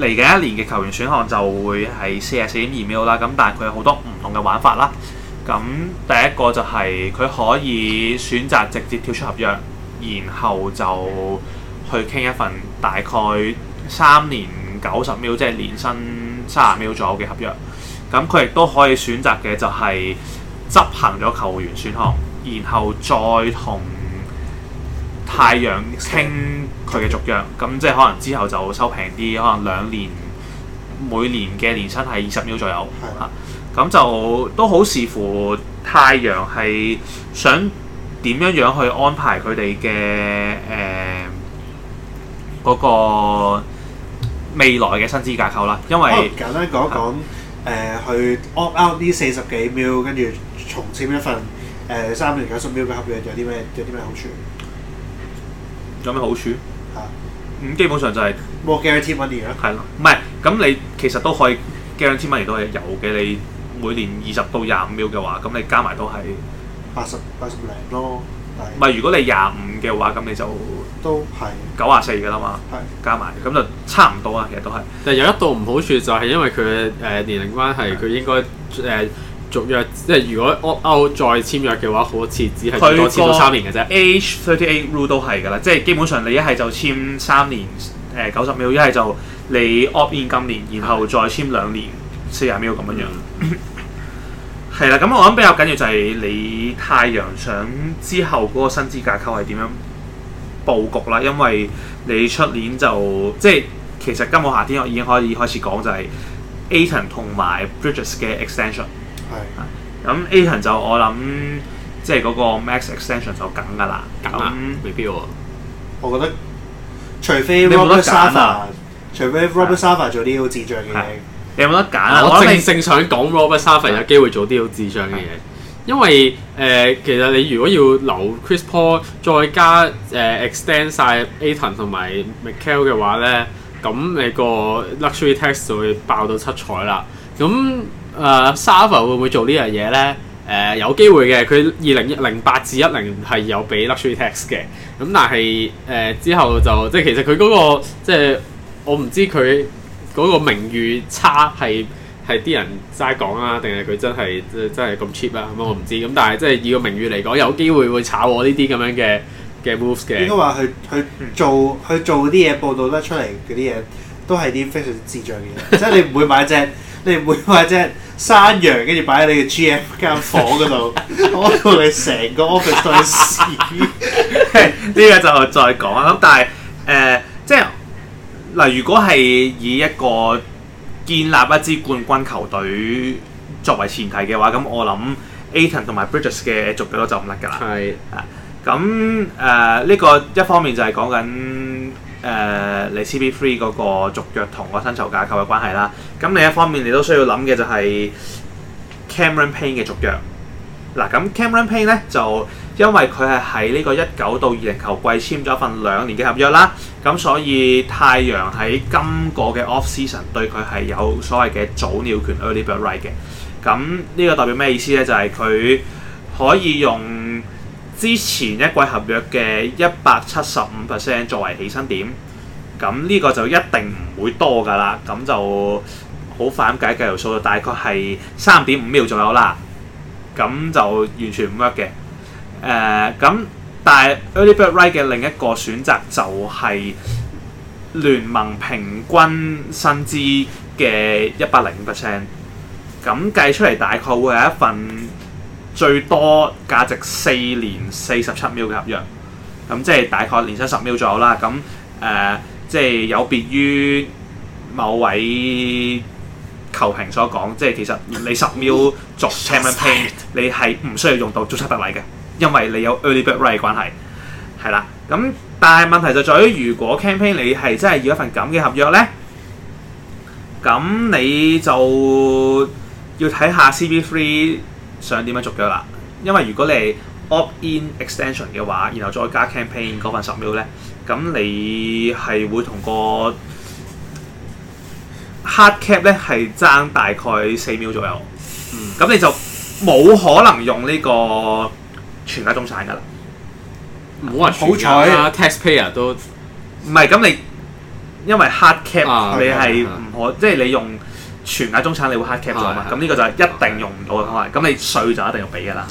嚟緊一年嘅球員選項就會係四十四點二秒啦，咁但係佢有好多唔同嘅玩法啦。咁第一個就係佢可以選擇直接跳出合約，然後就去傾一份大概三年九十秒，即係年薪三十秒左右嘅合約。咁佢亦都可以選擇嘅就係執行咗球員選項，然後再同。太陽清佢嘅續約，咁即係可能之後就收平啲，可能兩年每年嘅年薪係二十秒左右，咁是的、啊、就都好視乎太陽係想點樣樣去安排佢哋嘅誒嗰個未來嘅薪資架構啦。因為簡單講一講，誒、啊呃、去 opt out 啲四十幾秒，跟住重簽一份誒三年九十秒嘅合約有，有啲咩有啲咩好處？有咩好處？嚇咁、啊、基本上就係冇 guaranteed money 啦。係咯的，唔係咁你其實都可以 guaranteed money 都係有嘅。嗯、你每年二十到廿五 mil 嘅話，咁你加埋都係八十八十零咯。唔係如果你廿五嘅話，咁你就都係九十四嘅啦嘛。加埋咁就差唔多啊，其實都係。但係有一度唔好處就係因為佢誒、呃、年齡關係，佢應該誒。呃續約即係，如果歐歐再簽約嘅話，好似只係最多簽三年嘅啫。Age thirty eight rule 都係㗎啦，即係基本上你一係就簽三年誒九十秒，一係就你 opt in 今年，然後再簽兩年四廿秒咁樣樣。係啦、嗯，咁 我諗比較緊要就係你太陽想之後嗰個薪資架構係點樣佈局啦，因為你出年就即係其實今個夏天我已經可以開始講就係 Ayton 同埋 Bridges 嘅 extension。係啊，咁 Ayton 就我諗，即係嗰個 Max Extension 就梗噶啦，梗啦了，嗯、未必要。我覺得除非 Robert Sarver 除非 Robert Sarver 做啲好智障嘅嘢，你有冇得揀啊？我正正想講 Robert Sarver 有機會做啲好智障嘅嘢，因為誒、呃、其實你如果要留 Chris Paul 再加誒、呃、extend 晒 Ayton 同埋 Mikal 嘅話咧，咁你個 Luxury Tax 就會爆到七彩啦，咁。誒 Sarver 會唔會做呢樣嘢咧？誒、uh, 有機會嘅，佢二零一零八至一零係有俾 luxury tax 嘅。咁但係誒、uh, 之後就即係其實佢嗰、嗰個即係我唔知佢嗰個名譽差係係啲人齋講啦，定係佢真係真真係咁 cheap 啦？咁我唔知。咁、嗯嗯、但係即係以個名譽嚟講，有機會會炒我呢啲咁樣嘅嘅 moves 嘅。應該話佢係做，佢做啲嘢報導得出嚟嗰啲嘢，都係啲非常智障嘅嘢， 即係你唔會買隻。你唔會話隻山羊，跟住擺喺你嘅 G M 間房嗰度，我到成個 office 都係屎。呢 個 就再講啊。咁但係誒、呃，即係嗱、呃，如果係以一個建立一支冠軍球隊作為前提嘅話，咁我諗 Ayton 同埋 Bridges 嘅續約都就唔甩㗎啦。係是啊，咁誒呢個一方面就係講緊。誒，uh, 你 CP3 嗰個續約同個薪酬架構嘅關係啦。咁另一方面，你都需要諗嘅就係 Cameron Payne 嘅續約，嗱，咁 Cameron Payne 咧就因為佢係喺呢個一九到二零球季簽咗一份兩年嘅合約啦。咁所以太陽喺今個嘅 offseason 對佢係有所謂嘅早鳥權 Early Bird Right 嘅。咁呢個代表咩意思咧？就係、是、佢可以用。之前一季合約嘅一百七十五 percent 作為起薪點，咁呢個就一定唔會多噶啦，咁就好快咁計計條數，就大概係三點五秒仲有啦，咁就完全唔 work 嘅。誒，咁但係 Early Bird Right 嘅另一個選擇就係聯盟平均薪資嘅一百零五 percent，咁計出嚟大概會有一份，最多價值四年四十七秒嘅合約，咁即係大概年薪十秒左右啦。咁誒，即、呃、係、就是、有別於某位球評所講，即、就、係、是、其實你十秒續 campaign，你係唔需要用到足七特例嘅，因為你有 early bird rights 關係，係啦。咁但係問題就在於，如果 campaign 你係真係要一份咁嘅合約咧，咁你就要睇下 CP3。想點樣續腳啦？因為如果你係 opt-in extension 嘅話，然後再加 campaign 嗰份十秒咧，咁你係會同個 hard cap 咧係爭大概四秒左右。嗯，咁你就冇可能用呢個全額中產噶啦。冇人好彩啊，家啊！Taxpayer 都唔係。咁你，因為 hard cap 你係唔可，即係你用。全額中產你會 hard cap 咗嘛？咁呢個就係一定用唔到嘅方案。咁你稅就一定要俾㗎啦。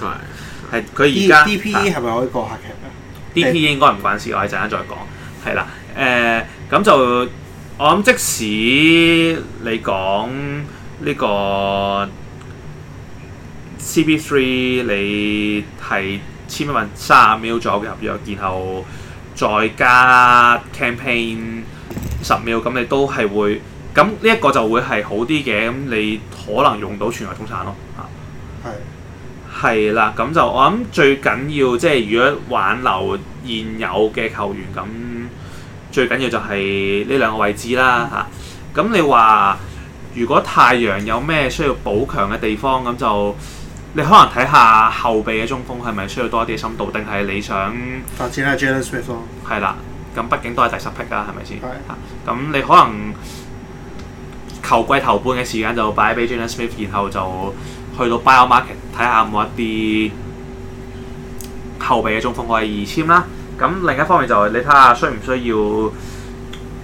係佢而家 DPE 係咪可以過 hard cap 咧？DPE 應該唔關事，我哋陣間再講。係啦，誒咁就我諗，即使你講呢個 CP3，你係簽一份卅秒左右嘅合約，然後再加 campaign 十秒，咁你都係會。咁呢一個就會係好啲嘅，咁你可能用到全外中產咯，啊是，係，係啦，咁就我諗最緊要即係、就是、如果挽留現有嘅球員，咁最緊要就係呢兩個位置啦，嚇、嗯。咁、啊、你話如果太陽有咩需要補強嘅地方，咁就你可能睇下後備嘅中鋒係咪需要多啲深度，定係你想發展阿 Jalen 係啦。咁畢竟都係第十 pick 㗎係咪先？係。咁是、啊、你可能。球季頭半嘅時間就擺俾 Jalen Smith，然後就去到 bio market 睇下冇一啲後備嘅中鋒位。二簽啦。咁另一方面就係你睇下需唔需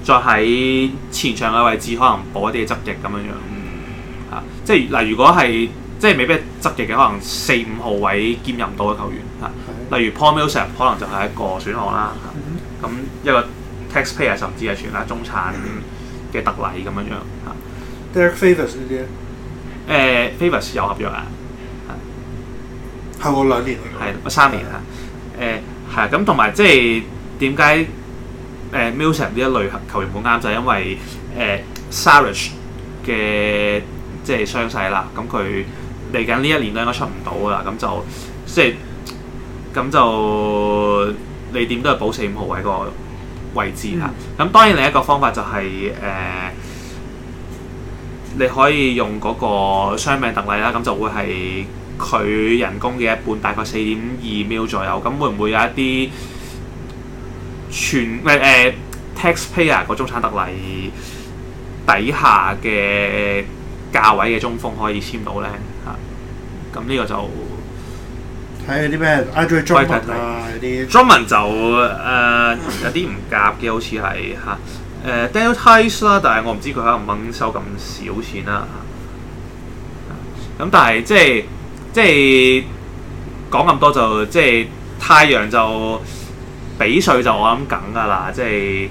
要再喺前場嘅位置可能補一啲嘅執翼咁樣樣。啊、即係嗱、啊，如果係即係未必執翼嘅，可能四五號位兼任唔到嘅球員嚇、啊，例如 Paul Millsap 可能就係一個選項啦。咁、啊、一個 taxpayer 甚至係全啦中產。嘅特例咁樣樣嚇 are、呃、Favors 呢啲咧？Favors 有合約啊，係，我兩年，係 三年啊，誒係啊，咁同埋即係點解誒 Musek 呢一類球員好啱就係、是、因為誒、呃、Šarić 嘅即係傷勢啦，咁佢嚟緊呢一年都應該出唔到啦，咁就即係咁就你點都係保四五號位個位置啦，咁、嗯、當然另一個方法就係、是、誒、呃、你可以用個雙命特例啦，咁就會係佢人工嘅一半，大概四點二 mil 左右，咁會唔會有一啲全誒誒、呃、taxpayer 個中產特例底下嘅價位嘅中鋒可以簽到咧？吓、啊，咁呢個就～睇嗰啲咩？Iggy Drummond 啊，嗰啲 Drummond 就誒、呃、有啲唔夾嘅，好似係嚇誒 Daniel Theis 啦，但係我唔知佢肯唔肯收咁少錢啦，咁但係即係即係講咁多，就即係太陽就俾稅就我諗梗㗎啦，即係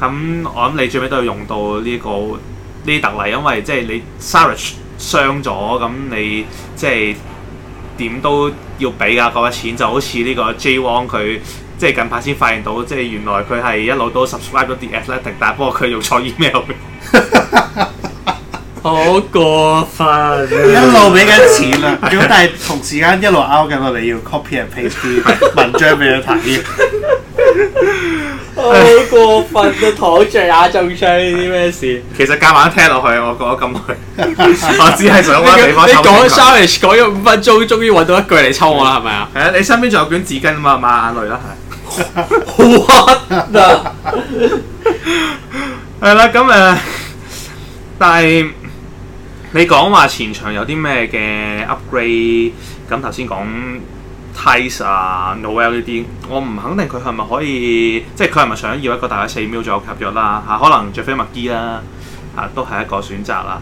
咁我諗你最尾都要用到呢、呢個呢啲特例，因為即係你 Sarich 傷咗，咁你即係點都。要俾啊嗰筆錢，就好似呢個 J Wong 佢即係近排先發現到，即係原來佢係一路都 subscribe 咗啲 The Athletic 但係不過佢用錯 email。 好過分、啊，一路俾緊錢啦、啊，咁 但係同時間一路 out 緊，我哋要 copy and paste 文章俾佢睇。好過分啊！躺着著仲中呢啲咩事？其實夾埋聽落去，我覺得咁耐，我只係想搵地方抽你。你講三日，講咗五分鐘，終於搵到一句嚟抽我啦，係咪啊？係啊！你身邊仲有卷紙巾啊嘛，抹眼淚啦係。what 啊？係啦，咁誒、嗯，但係你講話前場有啲咩嘅 upgrade？咁頭先講。Ties 啊，Novel 呢啲，我唔肯定佢係咪可以，即係佢係咪想要一個大概四秒左右合約啦嚇，可能 JaVale、er、McGee 啦嚇，都係一個選擇啦。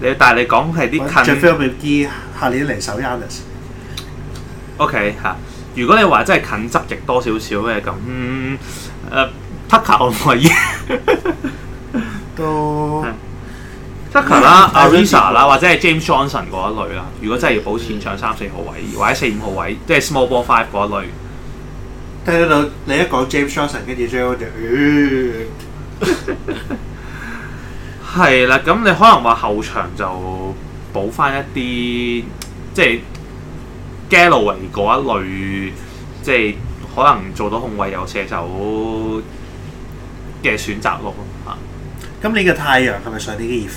但你但係你講係啲近 JaVale McGee 下年嚟守 Annis，OK 嚇。Okay, yeah, 如果你話真係近質極多少少嘅咁，誒 Parker 可唔可以都？Uh, Tucker 啦 Ariza 啦、嗯，啊、或者係 James Johnson 嗰一類啦。如果真係要補前場三四號位，嗯、或者四五號位，即、就、係、是、small ball five 嗰一類。聽到你一講 James Johnson，跟住 Jo 就，係、呃、啦。咁 你可能話後場就補翻一啲，即、就、係、是、Galloway 嗰一類，即、就、係、是、可能做到控衛有射手嘅選擇咯。吓，咁你嘅太陽係咪上啲啲熱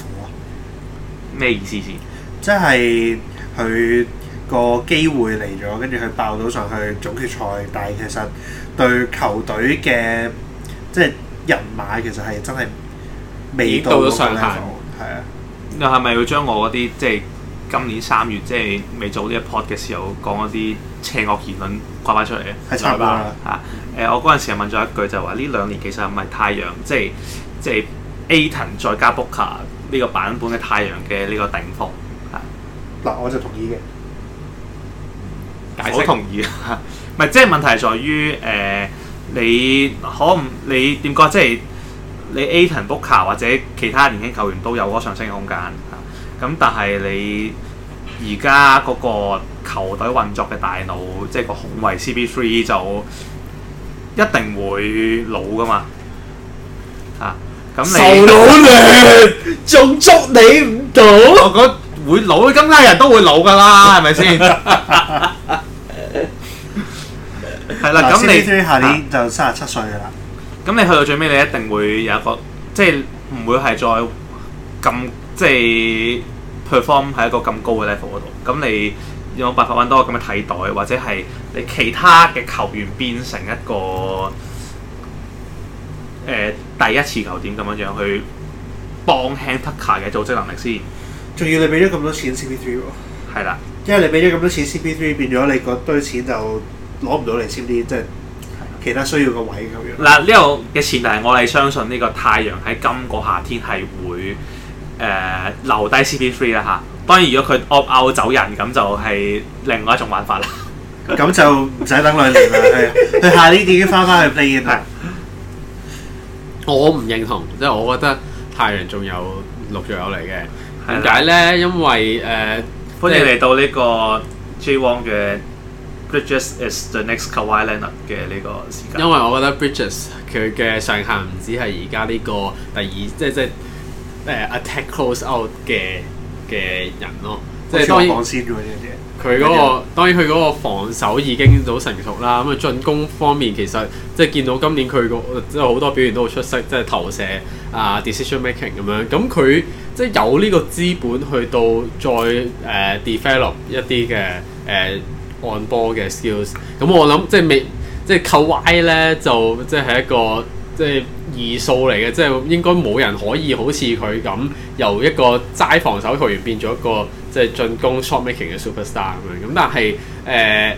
咩意思先？即係佢個機會嚟咗，跟住佢爆到上去總決賽，但係其實對球隊嘅即係人馬，其實係真係未到咗上限。係啊，你係咪要將我嗰啲即係今年三月即係未做呢一 part 嘅時候講嗰啲邪惡言論掛翻出嚟啊？係啊，係啊、 呃，我嗰陣時係問咗一句，就話、係、呢兩年其實唔係太陽，即係即係 Ayton 再加 Booker。呢個版本嘅太陽嘅呢個頂峰，嗱，我就同意嘅。我釋同意啊，唔係即係問題在於誒、呃，你可唔你點講？即係你 Ayton Booker 或者其他年輕球員都有嗰上升空間咁，但係你而家嗰個球隊運作嘅大腦，即係個控衞 CP3 就一定會老噶嘛，啊！咁你老咧，仲捉你唔到？我覺得會老，金拉人都會老噶啦，係咪先？係啦，咁你下年就三十七歲噶啦。咁你去到最尾，你一定會有一個，即係唔會係再咁即係 perform 喺一個咁高嘅 level 嗰度。咁你有冇辦法揾多一個咁嘅替代，或者係你其他嘅球員變成一個？誒、呃、第一次球點咁樣樣去幫輕 Tucker 嘅組織能力先，仲要你俾咗咁多錢 CP3 喎，係啦、哦，的因為你俾咗咁多錢 CP3，變咗你個堆錢就攞唔到嚟，CP，3，即係其他需要個位咁樣。嗱呢度嘅前提係我係相信呢個太陽喺今個夏天係會誒、呃、留低 CP3 啦、啊、嚇。當然如果佢 opt out 走人咁就係另外一種玩法啦。咁就唔使等兩年啦，佢 下年已經翻返去 plan 我唔認同，即係我覺得太陽仲有陸續有嚟嘅，點解呢？因為誒歡迎嚟到呢個 J. Wong 嘅 Bridges is the next Kawhi Leonard 嘅呢個時間，因為我覺得 Bridges 佢嘅上限唔止係而家呢個第二，即係即係誒 Attack Close Out 嘅嘅人咯。即係當然，佢嗰、 嗰個當然佢嗰個防守已經好成熟啦。咁啊，進攻方面其實即係見到今年佢個即係好多表現都好出色，即係投射啊、decision making 咁樣。咁佢即係有呢個資本去到再誒、呃、develop 一啲嘅誒控波嘅 skills。咁我諗即係未即係扣 Y 咧，就即係一個。即係二數嚟嘅，即係應該冇人可以好似佢咁由一個齋防守球員變咗一個即係進攻 shotmaking 嘅 superstar 咁樣。咁但係誒，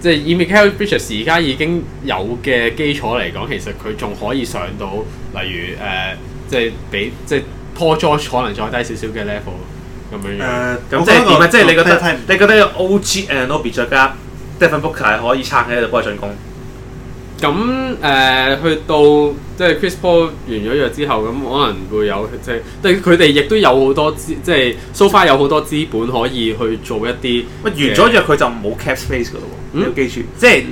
即係以 Mikal Bridges 而家已經有嘅基礎嚟講，其實佢仲可以上到，例如誒，即係比即係拖 George 可能再低少少嘅 level 咁樣。誒，咁即係點啊？即係你覺得你覺得 O.G. and o b b y 再加 Devin Booker 係可以撐起呢個波進攻？咁誒、呃、去到即係 Chris Paul 完咗約之後，咁可能會有即係，但佢哋亦都有好多資，即係 so far 有好多資本可以去做一啲。喂，完咗約佢就冇 cap space 㗎咯，嗯、要記住。即係是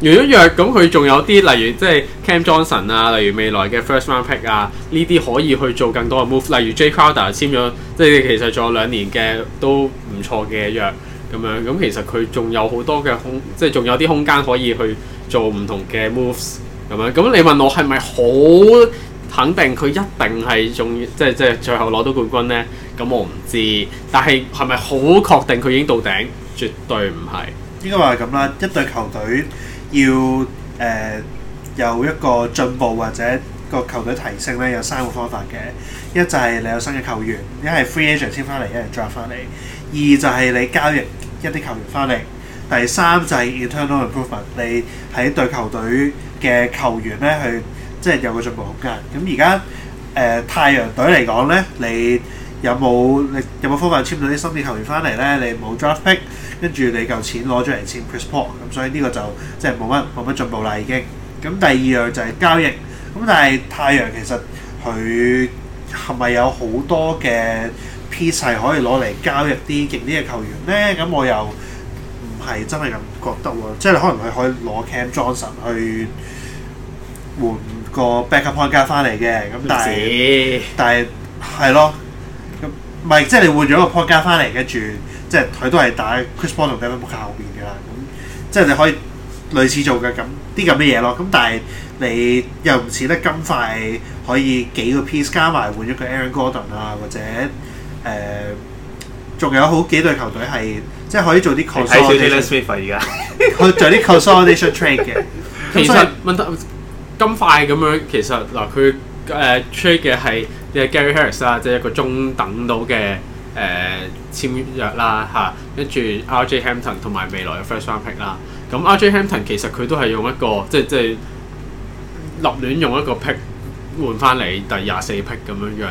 完咗約，咁佢仲有啲，例如即係 Cam Johnson 啊，例如未來嘅 first round pick 啊，呢啲可以去做更多嘅 move。例如 Jay Crowder 簽咗，即係其實仲有兩年嘅都唔錯嘅約。咁樣咁其實佢仲有好多嘅空，即係仲有啲空間可以去做唔同嘅 moves 咁樣。咁你問我係咪好肯定佢一定係仲即係即係最後攞到冠軍呢？咁我唔知。但係係咪好確定佢已經到頂？絕對唔係。應該話係咁啦。一隊球隊要誒、呃、有一個進步或者個球隊提升呢，有三個方法嘅。一就係你有新嘅球員，一係 free agent 先翻嚟，一係 draft 翻嚟。二就係你交易一啲球員翻嚟，第三就係 internal improvement，你喺對球隊嘅球員咧，去即係有個進步空間。咁而家誒太陽隊嚟講咧，你有冇你有冇方法簽到啲新嘅球員翻嚟咧？你冇 draft pick，跟住你夠錢攞咗嚟簽 pre-sport，s 咁所以呢個就即係冇乜冇乜進步啦已經。咁第二樣就係交易，咁但係太陽其實佢係咪有好多嘅？piece 係可以攞嚟交易啲勁啲嘅球員咧，咁我又唔係真係咁覺得喎。即係可能你可以攞 Cam Johnson 去換個 backup point guard 翻嚟嘅，咁但係的但係係咯，咁咪即係你換咗個 point guard 翻嚟跟住，即係佢都係打 Chris Paul 同 Devin Booker 後邊嘅啦。咁即係你可以類似做嘅咁啲咁嘅嘢咯。咁但係你又唔似得金塊可以幾個 piece 加埋換一個 Aaron Gordon 啊，或者～誒，仲、呃、有好幾隊球隊係即係可以做啲 consolidation 嘅，而 家，佢做啲 consolidation trade 嘅。咁所以問題金塊咁樣，其實嗱佢、呃、誒 trade 嘅係 Gary Harris 啦，即係一個中等到嘅誒簽約啦嚇。跟住 RJ Hampton 同埋未來嘅 First Round Pick 啦。咁 RJ Hampton 其實佢都係用一個即係即係立亂用一個 Pick 換翻嚟第廿四 Pick 咁樣樣。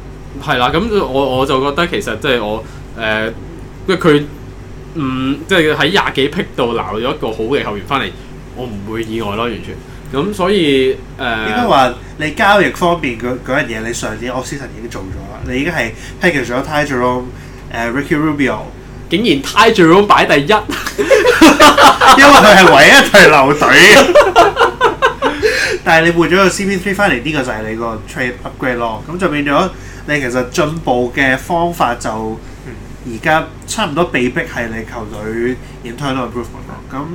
係啦，咁我我就覺得其實即係我誒，因為佢唔即係喺廿幾 pick 度攞咗一個好嘅後援翻嚟，我唔會意外咯，完全。咁所以誒，呃、應該話你交易方面嗰樣嘢，你上年 offseason 已經做咗啦，你已經係係 package 咗 Ty Jerome 誒 Ricky Rubio 竟然 Ty Jerome 擺第一 因為佢係唯一係漏水， 但係你換咗個 CP3 翻嚟，呢、呢個就係你個 trade upgrade 咯，咁就變咗。你其實進步嘅方法就而家差唔多被逼係你球隊 internal improvement 咯、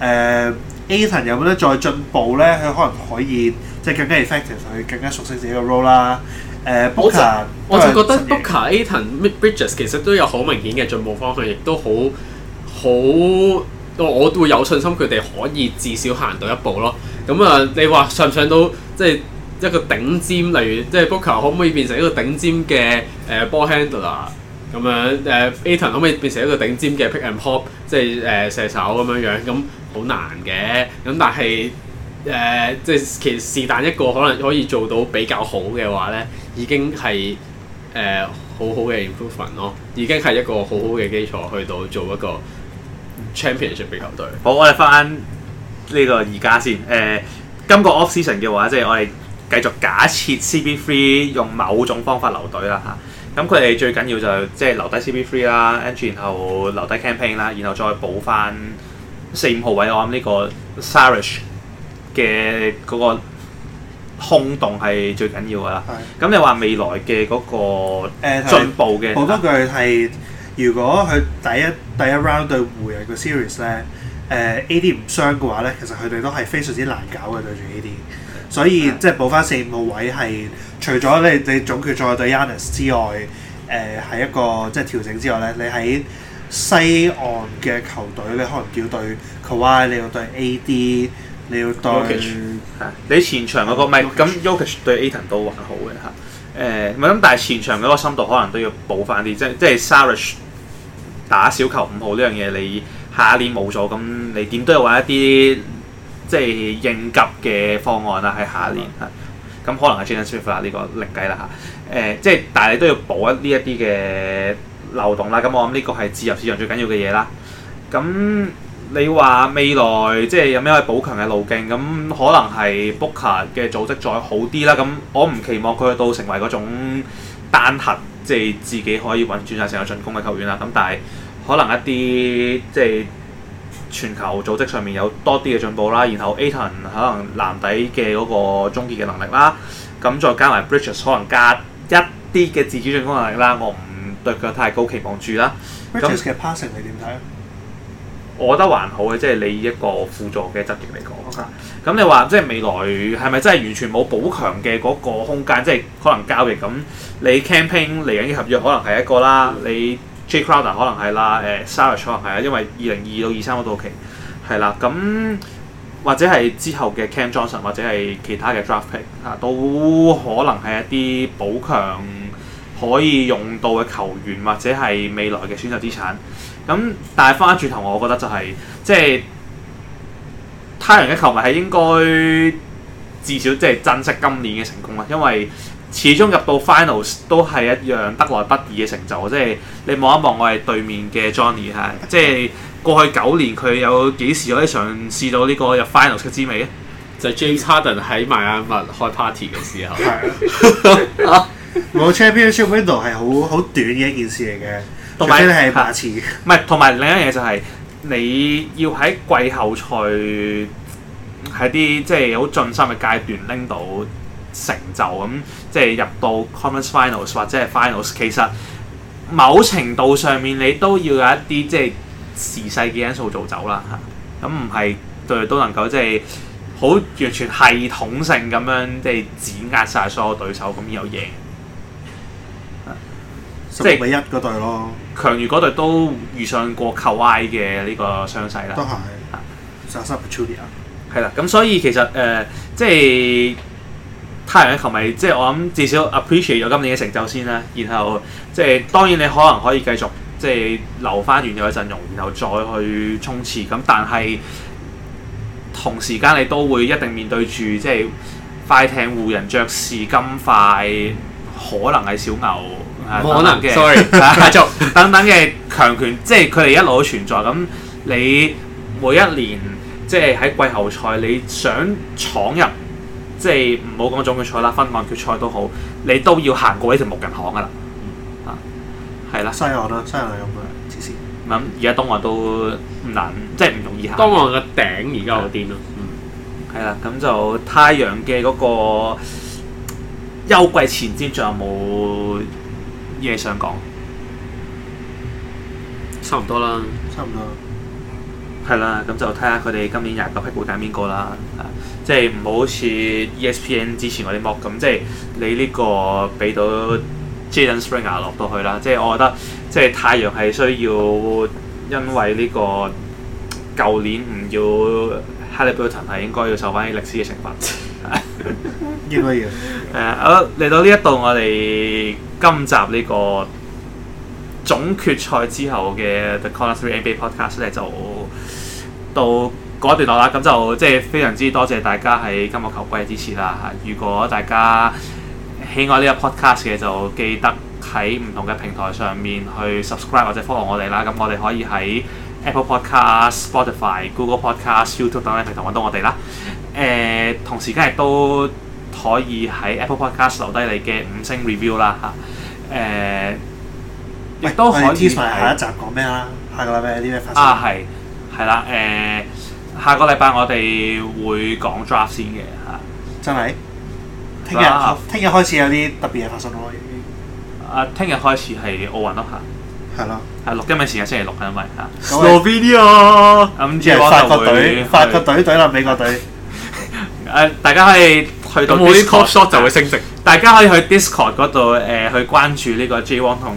嗯。咁誒，Aton 有冇得再進步咧？佢可能可以即係、就是、更加 effective，佢更加熟悉自己嘅 role 啦。誒 b o o k e 我就覺得身形 Booker、Aton、Mid Bridges 其實都有好明顯嘅進步方向，亦都好好我會有信心佢哋可以至少行到一步咯。咁啊，你話上唔上到即係？一個頂尖，例如即係 Booker，就是、可唔可以變成一個頂尖嘅誒、呃、ball handler 咁樣？誒、呃、Ayton 可唔可以變成一個頂尖嘅 pick and pop，即係誒、呃、射手咁樣樣？咁好難嘅，咁但係誒，即、呃、係、就是、其實是但一個可能可以做到比較好嘅話咧，已經係誒、呃、好好嘅 improvement 咯，已經係一個好好嘅基礎去到做一個 championship 球隊。好，我哋翻呢個而家先。誒、呃，今個 off season 嘅話，即、就、係、是、我哋。繼續假設 CP3 用某種方法留隊啦嚇，咁佢哋最緊要就係、即係留低 CP3 啦、啊，跟住然後留低 campaign 啦、啊，然後再補翻四五號位。我諗呢個 Sarish 嘅嗰個空洞係最緊要噶啦。咁是、啊、你話未來嘅嗰個進、呃、步嘅，我覺得佢係如果佢第一第一 round 對湖人個 series 咧，誒 A D 唔傷嘅話咧，其實佢哋都係非常之難搞嘅對住 A D。所以、嗯、即係補翻四五號位係，除咗你你總決賽對 Giannis 之外，誒、呃、喺一個即係調整之外咧，你喺西岸嘅球隊你可能要對 Kawhi 你要對 AD，你要對 ok 你前場嗰、那個咪咁 Jokic 對 Ayton 都還好嘅嚇，誒咪咁但係前場嗰個深度可能都要補翻啲，即係即係 Sarish 打小球五號呢樣嘢你下一年冇咗，咁你點都要玩一啲。即係應急嘅方案啦，喺下年嚇，咁、嗯嗯、可能係 j a m s Smith 啦，呢個力計啦嚇。誒、呃，即係但係你都要補一呢一啲嘅漏洞啦。咁、嗯、我諗呢個係自由市場最緊要嘅嘢啦。咁、嗯、你話未來即係有咩可以補強嘅路徑？咁、嗯、可能係 Booker 嘅組織再好啲啦。咁、嗯、我唔期望佢到成為嗰種單核，即係自己可以運轉晒成個進攻嘅球員啦。咁、嗯、但係可能一啲即係，全球組織上面有多啲嘅進步啦，然後 Ayton 可能籃底嘅嗰個終結嘅能力啦，咁再加埋 Bridges 可能加一啲嘅自主進攻能力啦，我唔對佢太高期望住啦。咁 Bridges 嘅 passing 你點睇啊？ 我覺得還好嘅，即係你一個輔助嘅質地嚟講嚇。咁 Okay. 你話即係未來係咪真係完全冇補強嘅嗰個空間？即係可能交易咁，你 campaign 嚟緊嘅合約可能係一個啦，Okay. 你。Jae Crowder 可能係啦，誒、欸，Saric 可能係啦，因為二零二二到二三嗰到期係啦，咁或者係之後嘅 Cam Johnson 或者係其他嘅 Draft pick 嚇、啊，都可能係一啲補強可以用到嘅球員，或者係未來嘅選擇資產。咁但係返轉頭，我覺得就係即係太陽嘅球迷係應該至少即係珍惜今年嘅成功啦，因為。始終入到 finals 都係一樣得來不易嘅成就，即係你望一望我哋對面嘅 Johnny 啦，即係過去九年佢有幾時可以嘗試到呢、這個入 finals 嘅滋味咧？就係、是、James Harden 喺埋阿麥開 party 嘅時候，係啊，championship window 係好好短嘅一件事嚟嘅，同埋你係怕次，唔係同埋另一樣嘢就係、是、你要喺季後賽喺啲即係好進深嘅階段拎到。成就咁、嗯、即係入到 Conference Finals 或者係 finals，其實某程度上面你都要有一啲即係時勢嘅因素做走啦嚇，咁唔係對都能夠即係好完全系統性咁樣即係碾壓晒所有對手咁有贏，即係唯一嗰隊咯。強如嗰隊都遇上過 Kawhi 嘅呢個傷勢啦，都係<是 >Zaza Pachulia 啦、嗯，咁、嗯嗯、所以其實誒、呃、即係。太陽嘅球迷，即、就、係、是、我諗至少 appreciate 咗今年嘅成就先啦。然後即係、就是、當然，你可能可以繼續即係、就是、留翻原有嘅陣容，然後再去衝刺。咁但係同時間你都會一定面對住即係快艇、湖人、爵士、金塊，可能係小牛，可能嘅。Sorry，繼續等等嘅 Sorry, 強權，即係佢哋一路都存在。咁你每一年即係喺季後賽你想闖入？即係唔好講總決賽啦，分冠決賽都好，你都要行過呢條木人巷噶啦，嗯，啊。嗯啊，係啦。西岸啊，西岸咁個設施。咁而家東岸都唔難，即係唔容易行。東岸嘅頂而家好掂咯。嗯，係啦。咁就太陽嘅嗰個休季前瞻，仲有冇嘢想講？差唔多啦。差唔多。係啦，咁就睇下佢哋今年廿九 pick 會揀邊個啦，啊，即係唔好好似 ESPN 之前嗰啲 mock 咁，即係你呢個俾到 Jaden Springer 落到去啦，即係我覺得，即係太陽係需要，因為呢、呢個舊年唔要 Halliburton 係應該要受翻啲歷史嘅懲罰，應該要。誒，好嚟到呢一度，我哋今集呢個總決賽之後嘅 The Corner 3 NBA Podcast 咧就。到嗰一段落啦，咁就即係非常之多謝大家喺今個球季嘅支持啦。如果大家喜愛呢個 podcast 嘅，就記得喺唔同嘅平台上面去 subscribe 或者 follow 我哋啦。咁我哋可以喺 Apple Podcast、Spotify、Google Podcast、YouTube 等嘅平台揾到我哋啦。誒、呃，同時間亦都可以喺 Apple Podcast 留低你嘅五星 review 啦。嚇、呃，誒喂，亦都可以。我哋下一集講咩啊？下個禮拜有啲咩發生啊？係。係啦，誒，下個禮拜我哋會講 draft 先嘅嚇。真係？聽日聽日開始有啲特別嘅發生咯。啊，聽日開始係奧運咯嚇。係咯，係錄音嘅時間星期六啊，因為嚇。Slovenia，咁 J One 會法國隊，法國隊隊冧美國隊。誒，大家可以去。有冇啲 top shot 就會升值？大家可以去 Discord 嗰度誒，去關注呢個 J One 同。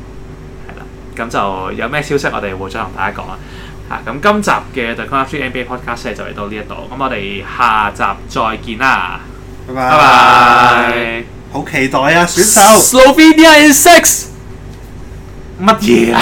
咁就有咩消息，我哋會再同大家講啦。嚇，咁今集嘅 The Corner 3 NBA Podcast 就嚟到呢一度，咁我哋下集再見啦，拜拜！好期待啊，選手 Slovenia in six 乜嘢啊？